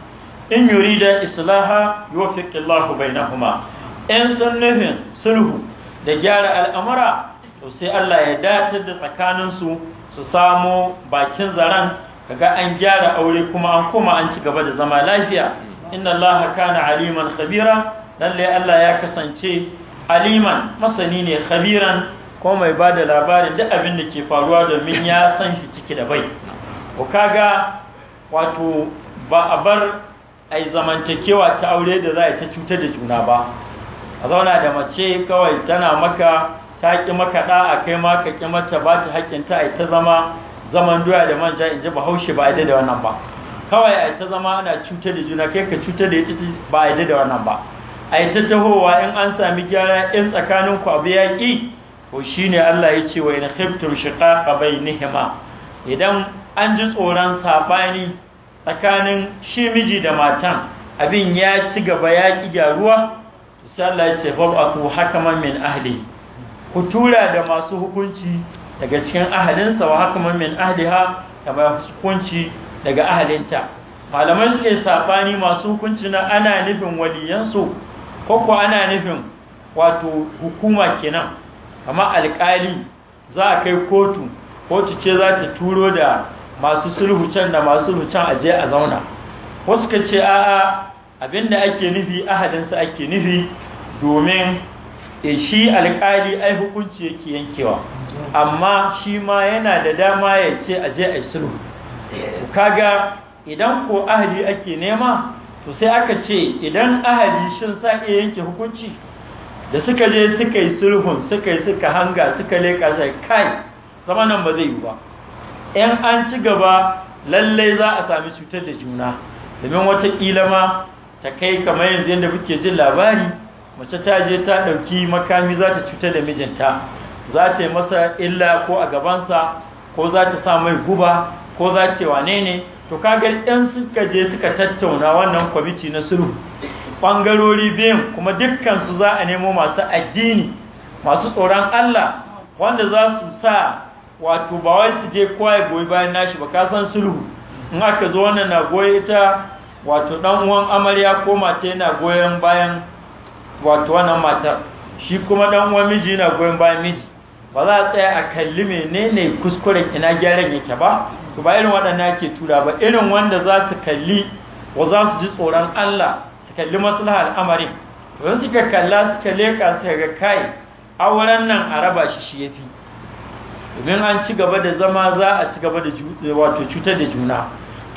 in yurida islaha yuwaffiqillahu bainahuma in sun nufin sulhu da gyara al'amura to sai Allah ya datar da tsakaninsu su samo bakin zaren kaga an gyara aure kuma an koma an ci gaba da zama lafiya inna Allah kana aliman khabira lalle Allah ya kasance aliman masani ne khabiran ko mai ba da labarin duk abin da ke faruwa domin ya san shi ciki da bai ko kaga wato ba a bar ai zamantakewa ta aure da za a ta cutar da juna ba a zauna da mace kawai tana maka ta ƙi maka a kai ma ka ƙi mata ba ta haƙƙinta a ta zama zaman doya da manja in ji bahaushe ba a da wannan ba kawai a ta zama ana cutar da juna kai ka cutar da ita ba a da wannan ba a ta tahowa in an sami gyara in tsakanin ku abu ya ƙi to shine Allah ya ce wa in khiftum shiqaqa bainihima idan an ji tsoron sabani tsakanin shi miji da matan abin ya ci gaba ya ƙi gyaruwa sai Allah ya ce haka hakaman min ahli ku tura da masu hukunci daga cikin ahalinsa wa hakaman min ahliha da masu hukunci daga ahalinta malamai suke sabani masu hukunci na ana nufin waliyansu ko ko ana nufin wato hukuma kenan kamar alkali za a kai kotu kotu ce za ta turo da masu sulhu can da masu sulhu can aje a zauna wasu ka ce a'a abinda ake nufi ahalinsa ake nufi domin e shi alƙali ai hukunci yake yankewa amma shi ma yana da dama ya ce a je a yi sulhu kaga idan ko ahali ake nema to sai aka ce idan ahali shin sa iya yanke hukunci da suka je suka yi sulhun suka yi suka hanga suka leƙa sai kai nan ba zai yi ba ɗan an ci gaba lallai za a sami cutar da juna domin wata wataƙila ma ta kai kamar yanzu yadda muke jin labari mace ta je ta ɗauki makami za ta cutar da mijinta za ta yi masa illa ko a gabansa ko za ta sa mai guba ko za ta wane ne to kaga ɗan suka je suka tattauna wannan kwamiti na sulhu ɓangarori biyun kuma dukkansu za a nemo masu addini masu tsoron Allah wanda za su sa wato ba wai su je kowa ya goyi bayan nashi ba ka san sulhu in aka zo wannan na goyi ita wato ɗan uwan amarya ko mata yana goyon bayan wato wannan matar shi kuma dan uwan miji yana goyon bayan miji ba za a tsaya a kalli menene kuskuren ina gyaran yake ba to ba irin waɗannan ake tura ba irin wanda za su kalli wa za su ji tsoron Allah su kalli maslahar al'amarin to suka kalla suka leka su ga kai auren nan a raba shi shi yafi domin an ci gaba da zama za a ci gaba da wato cutar da juna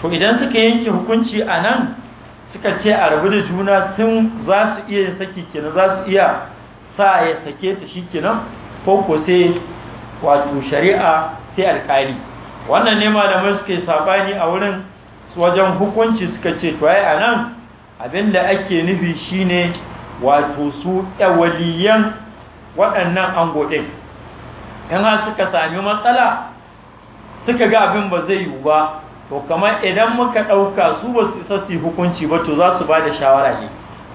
to idan suka yanke hukunci a nan suka ce a rabu da juna sun za su iya yin saki kenan za su iya sa ya sake ta shi kenan ko ko sai wato shari'a sai alkali wannan ne malamai suke sabani a wurin wajen hukunci suka ce to ai anan da ake nufi shine wato su waliyan waɗannan ango ɗin in har suka sami matsala suka ga abin ba zai yiwu ba to kamar idan muka ɗauka su ba su isa su hukunci ba to za su ba da shawara ne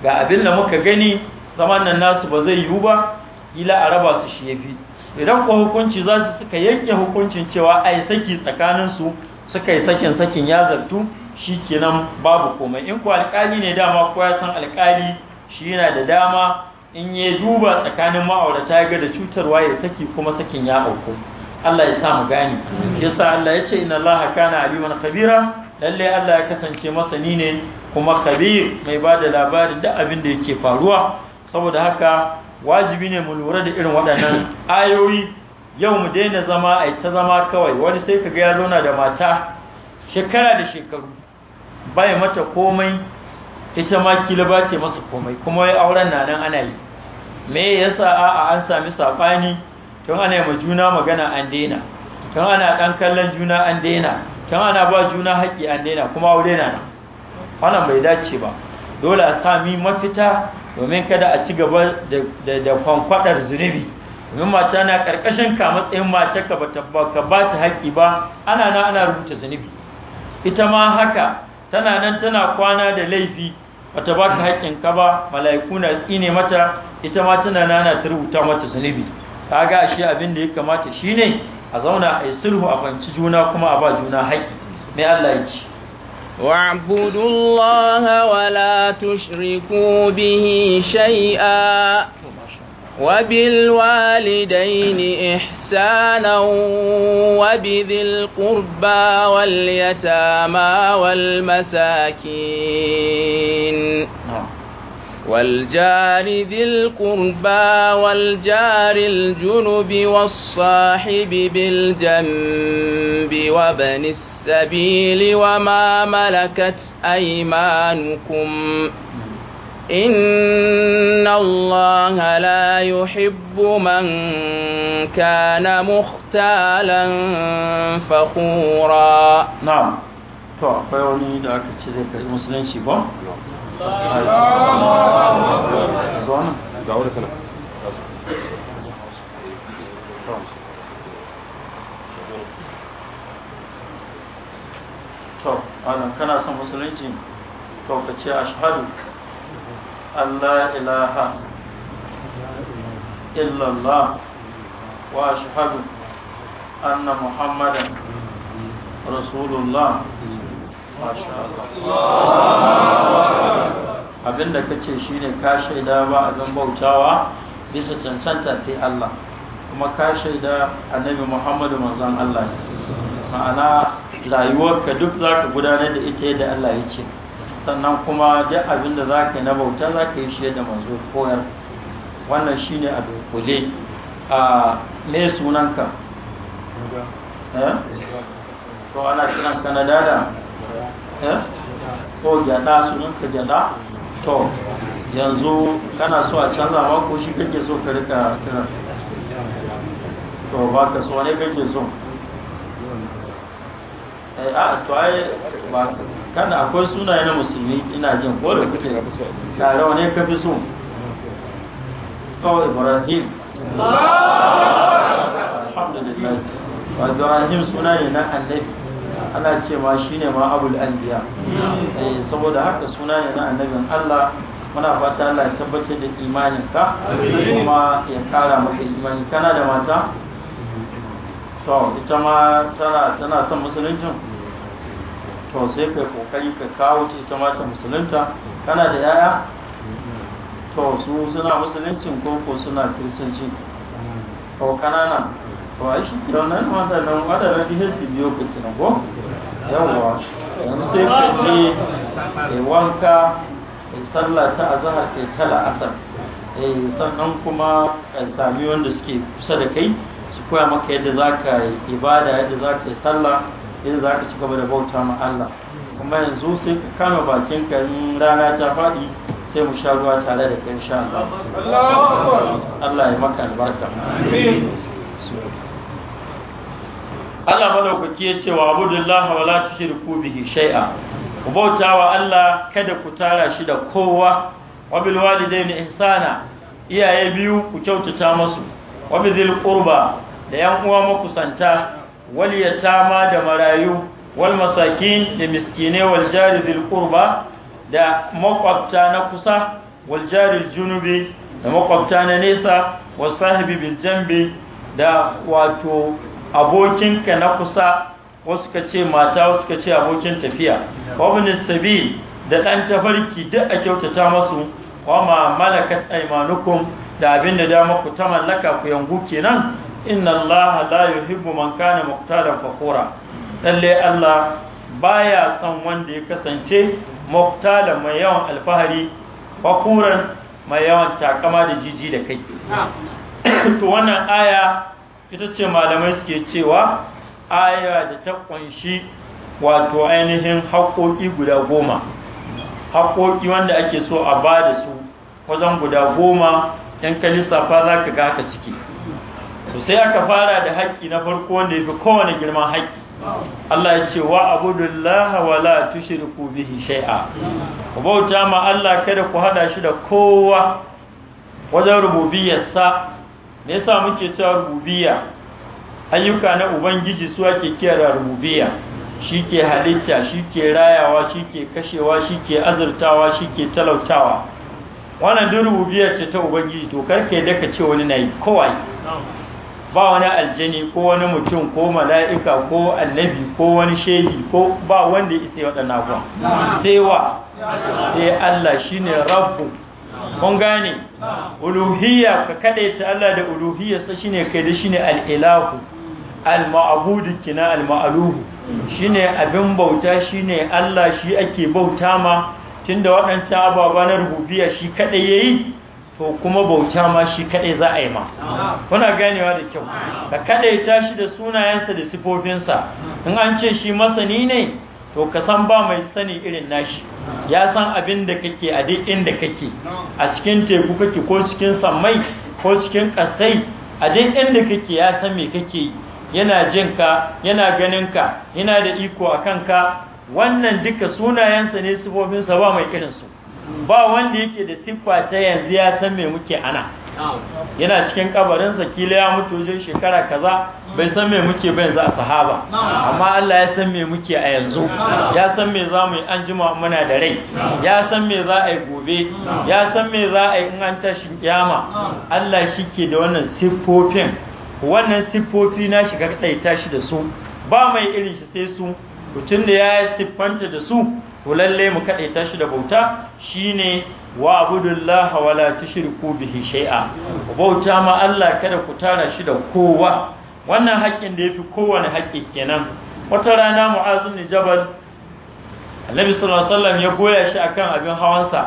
ga abin da muka gani zaman nan nasu ba zai yiwu ba kila a raba su shi yafi idan ko hukunci za su suka yanke hukuncin cewa a yi saki tsakanin su suka yi sakin sakin ya zartu shi kenan babu komai in ko alƙali ne dama ko ya san alƙali shi yana da dama in ya duba tsakanin ma'aurata ya ga da cutarwa ya saki kuma sakin ya auku Allah ya sa mu gani yasa Allah ya ce inna Allah kana aliman khabira lalle Allah ya kasance masani ne kuma khabir mai ba da labari da abin da yake faruwa saboda haka wajibi ne mu lura da irin waɗannan ayoyi yau mu daina zama a ta zama kawai wani sai ka ga ya zauna da mata shekara da shekaru bai mata komai ita ma kila ba ce masa komai kuma wai auren na nan ana yi me yasa a'a an sami sabani tun ana ma juna magana an daina tun ana ɗan kallon juna an daina tun ana ba juna haƙƙi an daina kuma aure na nan wannan bai dace ba dole a sami mafita domin kada a ci gaba da kwankwadar zunubi domin mata na ƙarƙashin ka matsayin mata ka ba ta haƙƙi ba ana na ana rubuta zunubi ita ma haka tana nan tana kwana da laifi bata ba ka haƙƙin ka ba mala'iku na tsine mata ita ma tana nana ta rubuta mata zunubi ga shi abin da ya kamata shine a zauna a sulhu a fahimci juna kuma a ba juna haƙƙi mai Allah ya ci wa'budu Allah wa la tushriku bihi shai'a wa bil walidayni ihsana wa bi dhil qurba wal ma wal masakin والجار ذي القربى والجار الجنب والصاحب بالجنب وابن السبيل وما ملكت أيمانكم إن الله لا يحب من كان مختالا فخورا نعم to akwai wani da aka ga wuri to ana kana son musulunci to ka ce shahadu, allah ilaha illallah wa shahadu, anna muhammadan rasulullah abinda kace shine ka shaida ba abin bautawa bisa cancanta sai Allah kuma ka shaida annabi Muhammadu manzon Allah ma'ana rayuwarka duk zaka gudanar da ita yadda Allah ya ce sannan kuma duk abin da zaka yi na bauta ka yi shi yadda manzo koyar wannan ne a dokule a me sunanka eh? to ana kiran na dada Eh? ko gyada ka gyada to yanzu kana so a canza ba ko shi kake so ka rika kira to ba ka so ne kake so eh a to ai ba kana akwai sunaye na musulmi ina jin ko da kuke tare wani ka fi so to ibrahim alhamdulillah wa ibrahim sunaye na annabi ana ce ma ne ma abul anbiya eh, saboda haka suna ne na annabin Allah muna fata Allah ya tabbatar da imanin ka kuma ya kara maka imani kana da mata to ita ma tana tana son musuluncin to sai kai kokari ka kawo ta ita ma ta musulunta kana da yaya to su suna musuluncin ko ko suna kiristanci to nan to shi kira nan mata nan mata nan ihe biyo ku ko yawwa yanzu sai ka je wanka a sallah ta azhar kai tala asar. E, sannan kuma ka sami wanda suke kusa da kai su koya maka yadda za ka yi ibada yadda za ka yi sallah yadda za ka ci gaba da bauta ma Allah kuma yanzu sai ka kama bakin ka rana ta faɗi sai mu sha ruwa tare da kai sha Allah ya maka albarka amin Allah madaukaki ya ce wa abudullahi wa la tushriku bihi shay'a ku bauta wa Allah kada ku tara shi da kowa wa bil walidaini ihsana iyaye biyu ku kyautata musu wa bizil qurba da yan uwa makusanta wal yatama da marayu wal masakin da miskine wal jari qurba da makwabta na kusa wal jari junubi da makwabta na nesa was sahibi bil jambi da wato abokinka na kusa wasu ka ce mata wasu ka ce abokin tafiya wabin sabil da ɗan tafarki duk a kyautata masu wama malakat aimanukum da abin da dama ku ta mallaka ku yangu kenan inna Allah la yuhibbu man kana muqtalan fakhura lalle Allah baya son wanda ya kasance muqtalan mai yawan alfahari fakhuran mai yawan takama da jiji da kai to wannan aya ita ce malamai suke cewa aya da ta kunshi wato ainihin haƙoƙi guda goma haƙoƙi wanda ake so a ba da su wajen guda goma yan fa za ka ga haka suke to sai aka fara da haƙƙi na farko wanda ya fi kowane girman haƙƙi Allah ya ce wa abudullah wa la tushriku bihi shay'a ku bauta ma Allah kada ku hada shi da kowa wajen rububiyarsa me yasa muke cewa rububiyya ayyuka na ubangiji su ake kira rububiyya shi ke halitta shi ke rayawa shi ke kashewa shi ke azurtawa shi ke talautawa wannan duk rububiyya ce ta ubangiji to karke da ka ce wani nayi kowai ba wani aljani ko wani mutum ko mala'ika ko annabi ko wani shehi ko ba wanda ya isa waɗannan ba sai wa sai Allah shine rabbu kun gane uluhiyya ka kadaita Allah da sa shine kai da shine al-ilahu al mabudu kina al-ma'luhu shine abin bauta shine Allah shi ake bauta ma tunda waɗancan ababa na rububiyya shi kadai yayi to kuma bauta ma shi kadai za a yi ma kuna ganewa da kyau ka kadaita shi da sunayensa da sifofinsa in an ce shi masani ne to ka san ba mai sani irin nashi ya san abin da kake a duk inda kake a cikin teku kake ko cikin sammai ko cikin kasai a duk inda kake ya san me kake yi yana jin ka yana ganin ka yana da iko a ka. wannan duka sunayensa ne sifofinsa ba mai irin su. ba wanda yake da siffa ta yanzu ya san me muke ana yana cikin kabarinsa kila ya mutu wajen shekara kaza bai san me muke ba yanzu a sahaba amma Allah ya san me muke a yanzu ya san me za mu yi an jima muna da rai ya san me za a yi gobe ya san me za a yi in an tashi kiyama Allah shi ke da wannan siffofin wannan siffofi na shiga ɗaita shi da su ba mai irin shi sai su mutum da ya yi siffanta da su to lallai mu kaɗaita shi da bauta shine wa abudullaha wala tushriku bihi shay'a bauta ma Allah kada ku tara shi da kowa wannan haƙƙin da yafi kowane haƙƙi kenan wata rana mu'az bin jabal annabi sallallahu alaihi wasallam ya goya shi akan abin hawansa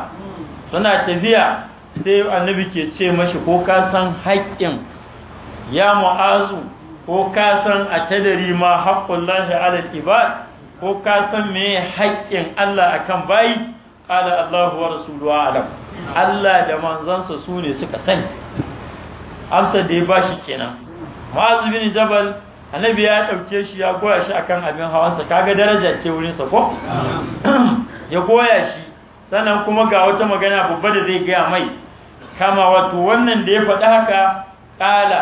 suna tafiya sai annabi ke ce mashi ko ka san haƙƙin ya Mu'az ko ka san a tadari ma haqqullahi alal ibad ko ka san me haƙƙin Allah akan bayi qala Allahu wa rasuluhu alam Allah da manzansa su ne suka sani amsa da ya bashi kenan Mu'az bin Jabal annabi ya ɗauke shi ya goya shi akan abin hawansa kaga daraja ce wurin sa ko ya koya shi sannan kuma ga wata magana babba da zai gaya mai kama wato wannan da ya faɗi haka ƙala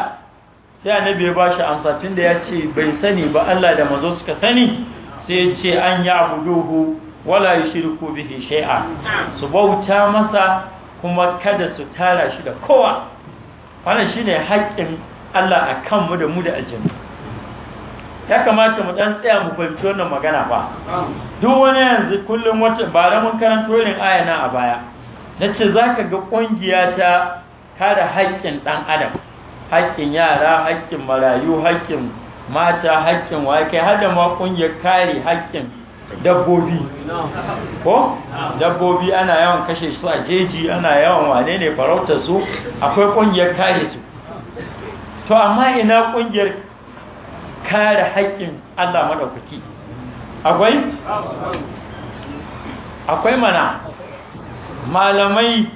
sai annabi ya bashi amsa da ya ce bai sani ba Allah da manzo suka sani sai ya ce an ya abuduhu wala yushriku bihi shai'a. su bauta masa kuma kada su tara shi da kowa wannan shine haƙƙin Allah akan mu da mu da aljanna ya kamata mu ɗan tsaya mu fahimci wannan magana ba duk wani yanzu kullum wata ba da mun karanto irin na a baya nace zaka ga kungiya ta kada haƙƙin ɗan adam haƙƙin yara haƙƙin marayu haƙƙin mata haƙƙin wake har da ma ƙungiyar kare haƙƙin dabbobi ko dabbobi ana yawan kashe su a jeji ana yawan wane ne farautar su akwai ƙungiyar kare su to amma ina ƙungiyar kare haƙƙin Allah maɗaukaki akwai? akwai mana malamai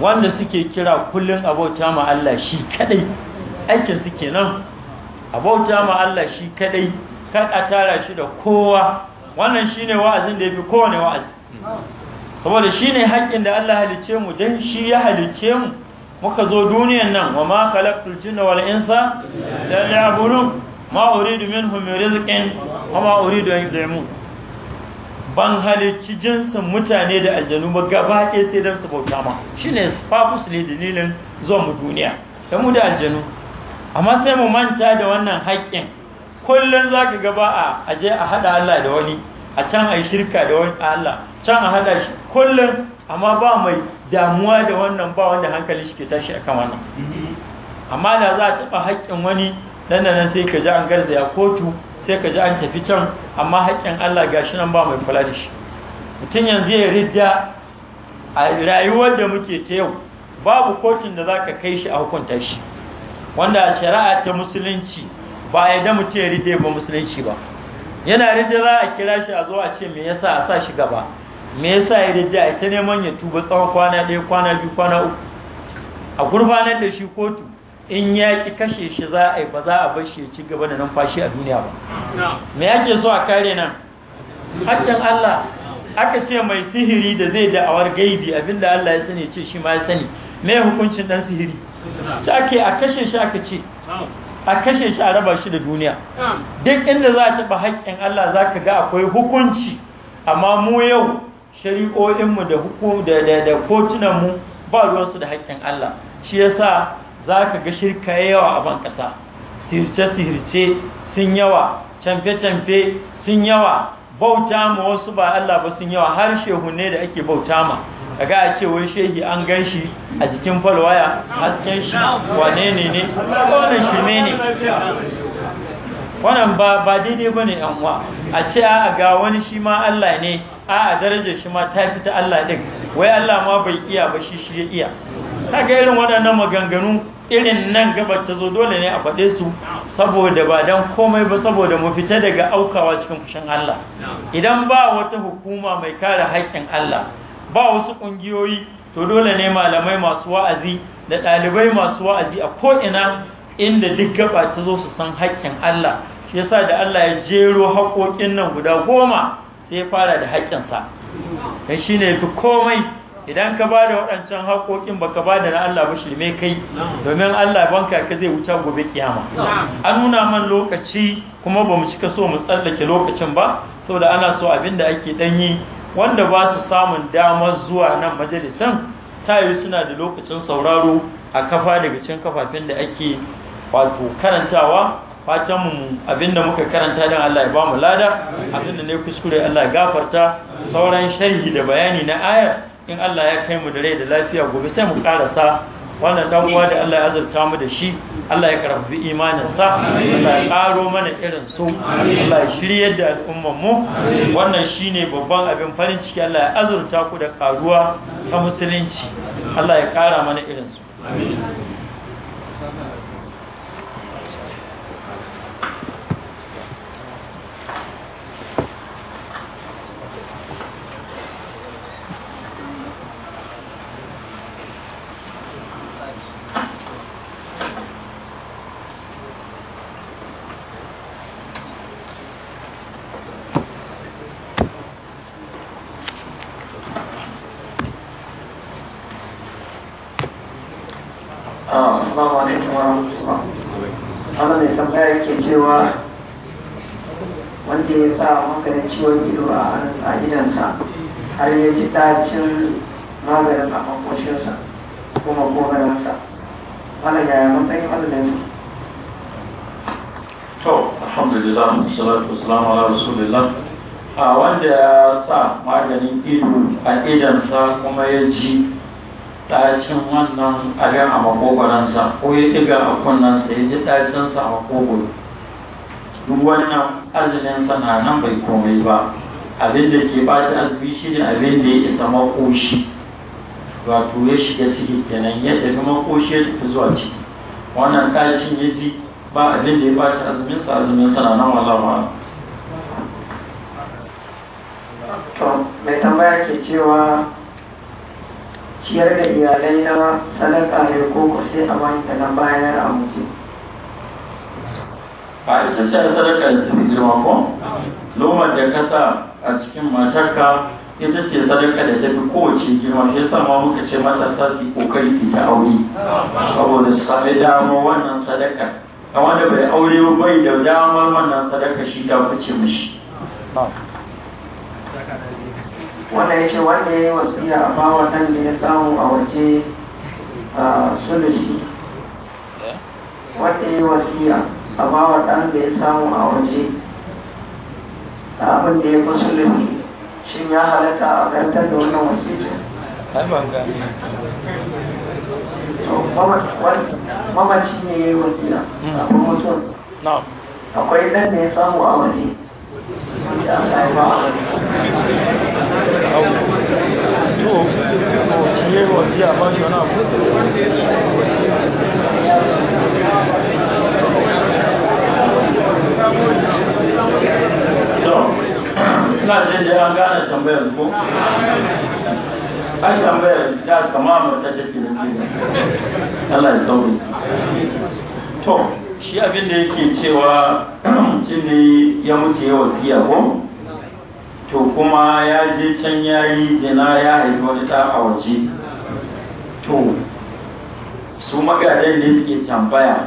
wanda suke kira kullum abauta ma Allah shi kadai aikin su kenan abauta ma Allah shi kadai kan a tara shi da kowa wannan shi ne wa'azin da ya fi kowane wa'azi saboda shi ne haƙƙin da Allah halicce mu don shi ya halicce mu muka zo duniyan nan wa ma khalaqtul jinna wal insa illa liya'budun ma uridu minhum min rizqin wa ma uridu an mu. ban halicci jinsin mutane da aljanu ba gaba ɗaya sai don su bauta ma shine ne dalilin zuwa mu duniya da mu da aljanu amma sai mu manta da wannan haƙƙin kullum za ka gaba a aje a haɗa Allah da wani a can a yi shirka da wani Allah can a haɗa shi kullum amma ba mai damuwa da wannan ba wanda hankali shi ke tashi a kan wannan amma da za a taɓa haƙƙin wani nan nan sai ka ji an garzaya kotu sai ka ji an tafi can amma haƙƙin Allah gashi nan ba mai kula da shi mutum yanzu ya ridda a rayuwar da muke ta yau babu kotun da za ka kai shi a hukunta shi wanda shari'a ta musulunci ba a yadda mutum ya rite ba musulunci ba yana rida za a kira shi a zo a ce me yasa a sa shi gaba me yasa ya rite a ta neman ya tuba tsawon kwana ɗaya kwana biyu kwana uku a gurbanar da shi kotu in ya ki kashe shi za a yi ba za a bar shi ya ci gaba da numfashi a duniya ba me yake so a kare nan hakkin Allah aka ce mai sihiri da zai da'awar gaibi abinda Allah ya sani ce shi ma ya sani me hukuncin dan sihiri shi ake a kashe shi aka ce a kashe shi a raba shi da duniya duk inda za a taɓa haƙƙin Allah za ka ga akwai hukunci amma mu yau shari'o'inmu da kotunanmu ba ruwansu da haƙƙin Allah shi yasa za ka ga shirka yawa a ban ƙasa sihirce-sihirce sun yawa camfe-camfe sun yawa bauta ma wasu ba Allah ba sun yawa har shehu ne da ake bauta ma kaga a ce wai shehi an gan shi a jikin falwaya hasken shi wane ne ne wannan shi ne ne? wannan ba ba daidai bane yan uwa a ce a ga wani shi ma Allah ne a a darajar shi ma ta fi ta Allah ɗin. wai Allah ma bai iya ba shi shi ya iya ga irin waɗannan maganganu irin nan gabar ta zo dole ne a faɗe su saboda ba don komai ba saboda mu fita daga aukawa cikin kushin Allah idan ba wata hukuma mai kare haƙƙin Allah ba wasu ƙungiyoyi to dole ne malamai masu wa'azi da ɗalibai masu wa'azi a ko'ina inda duk gaba ta zo su san haƙƙin Allah shi yasa da Allah ya jero haƙoƙin nan guda goma sai ya fara da haƙƙinsa dan shi ne fi komai idan ka ba da waɗancan haƙoƙin baka ba da na Allah ba shirme kai domin Allah banka ka zai wuce gobe kiyama an nuna man lokaci kuma bamu cika so mu tsallake lokacin ba saboda ana so abin da ake ɗanyi wanda ba su samun damar zuwa nan majalisan ta yi suna da lokacin sauraro a kafa daga cikin kafafen da ake wato karantawa fatan mu abinda muka karanta dan Allah ya ba mu lada abinda ne kuskure Allah ya gafarta sauran sharhi da bayani na ayar in Allah ya kai mu da rai da lafiya gobe sai mu karasa wannan dan uwa da Allah ya azurta mu da shi Allah ya karbi imanin sa Allah ya karo mana irin su Allah ya shiryar da al'ummar mu wannan shine babban abin farin ciki Allah ya azurta ku da karuwa ta musulunci Allah ya kara mana irin su amin ya sa maganin ciwon ido a idansa har ya ji dacin maganin a makoshinsa ko makogaransa wannan yaya matsayin azuminsa to alhamdulillah salatu wasalamu ala rasulillah a wanda ya sa maganin ido a idansa kuma ya ji dacin wannan abin a makogaransa ko ya ɗiga a kunnansa ya ji dacinsa a makogoro duk wannan azumin sana nan bai komai ba abin da ke ɓaci azumi shi ne abin da ya isa makoshi wato ya shiga ciki kenan ya tafi makoshi ya tafi zuwa ciki wannan ɗacin ya ji ba abin da ya ɓaci azumin sa azumin sana nan wala ba to mai tambaya ke cewa ciyar da iyalai na sadaka ne ko kusa a wani da na bayar a mutum a ita ce sadaka da girma ko lomar da ka sa a cikin matarka ita ce sadaka da ta fi kowace girma shi yasa ma muka ce matasa su kokari ki ta aure saboda su sami damar wannan sadaka a wanda bai aure bai da damar wannan sadaka shi ta fice mishi wanda ya ce wanda ya yi wasiya a bawa nan da ya samu a waje sulusi eh? wanda ya yi wasiya a waɗanda ɗan da ya samu a waje da abin da ya fi sulhi shi ya halatta a gantar da wannan wasiƙa mamaci ne ya yi wasiƙa hmm. a mutum akwai ɗan da ya samu a waje da aka yi ba a ina jin da an gane tambayar ko an tambayar ya kama mata da ke Allah ya sauri to shi abin da yake cewa shine ya mutu ya wasiya ko to kuma ya je can ya yi jina ya haifi wani ta a waje to su magadan ne suke tambaya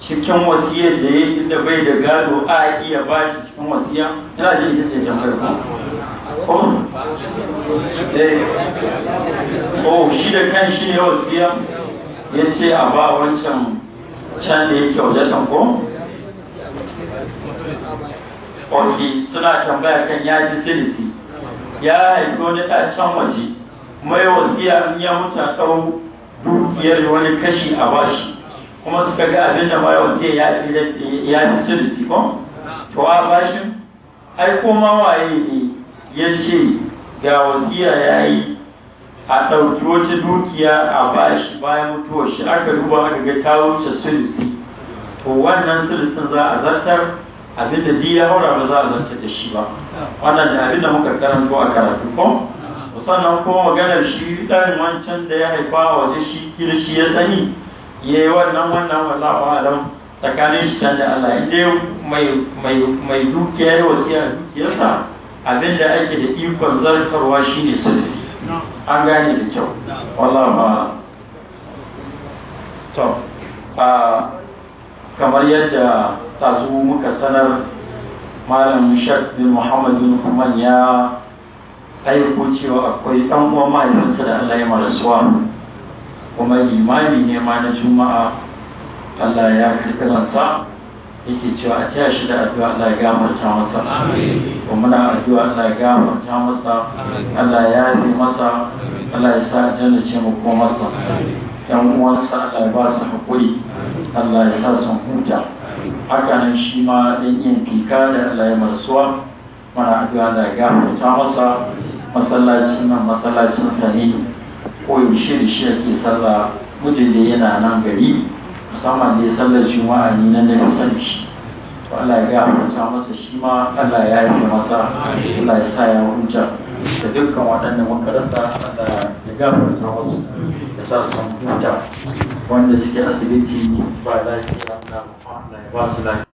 cikin wasiyar da ya yi da bai da gado a iya ba shi cikin wasiya yana jin ita ce jan farko eh. oh shi da kan shi ne wasiya ya ce a ba wancan can da ya yake kan ko ok suna tambaya kan ya ji silisi ya haifi wani ɗa can waje mai wasiya in ya mutu a ɗau dukiyar wani kashi a bashi kuma suka ga abin da ma yau ya ya fi sulusi ko to a bashin ai kuma waye ne ya ce ga wasiya ya yi a ɗauki wata dukiya a bashi bayan mutuwar shi aka duba aka ga ta wuce sulusi to wannan sulusin za a zartar abin da ya haura ba za a zartar da shi ba wannan da abin da muka karanto a karatu ko sannan kuma maganar shi ɗan wancan da ya haifa waje shi kila ya sani ya yi wannan wannan wallahu alam tsakanin shi da Allah in dai mai dukiya ya wasiya dukiyarsa abin da ake da ikon zartarwa shine sulsi an gane da kyau wallahu alam to kamar yadda tazu muka sanar malam shak bin muhammad bin kuman ya aiko cewa akwai dan uwan mahaifinsa da Allah ya masu suwa kuma imani ne ma na juma'a Allah ya fi kiransa yake cewa a taya shi da addu'a Allah ya gafarta masa kuma muna addu'a Allah ya gafarta masa Allah ya yi masa Allah ya sa aljanna ce mu ko masa yan uwansa Allah ya ba su hakuri Allah ya sa sun huta haka nan shi ma dan yin fika da Allah ya marsuwa muna addu'a Allah ya gafarta masa masallacin nan masallacin sahihi koyaushe da shi ke sallah mutum da yana nan gari musamman da ya sallar wa ni na na kusanci to Allah ya gafarta masa shi ma Allah ya yi masa Allah ya sa ya huta da dukkan waɗanda makarasa rasa Allah ya gafarta masa ya sa sun wuta. wanda suke asibiti ba lafiya Allah ya ba su lafiya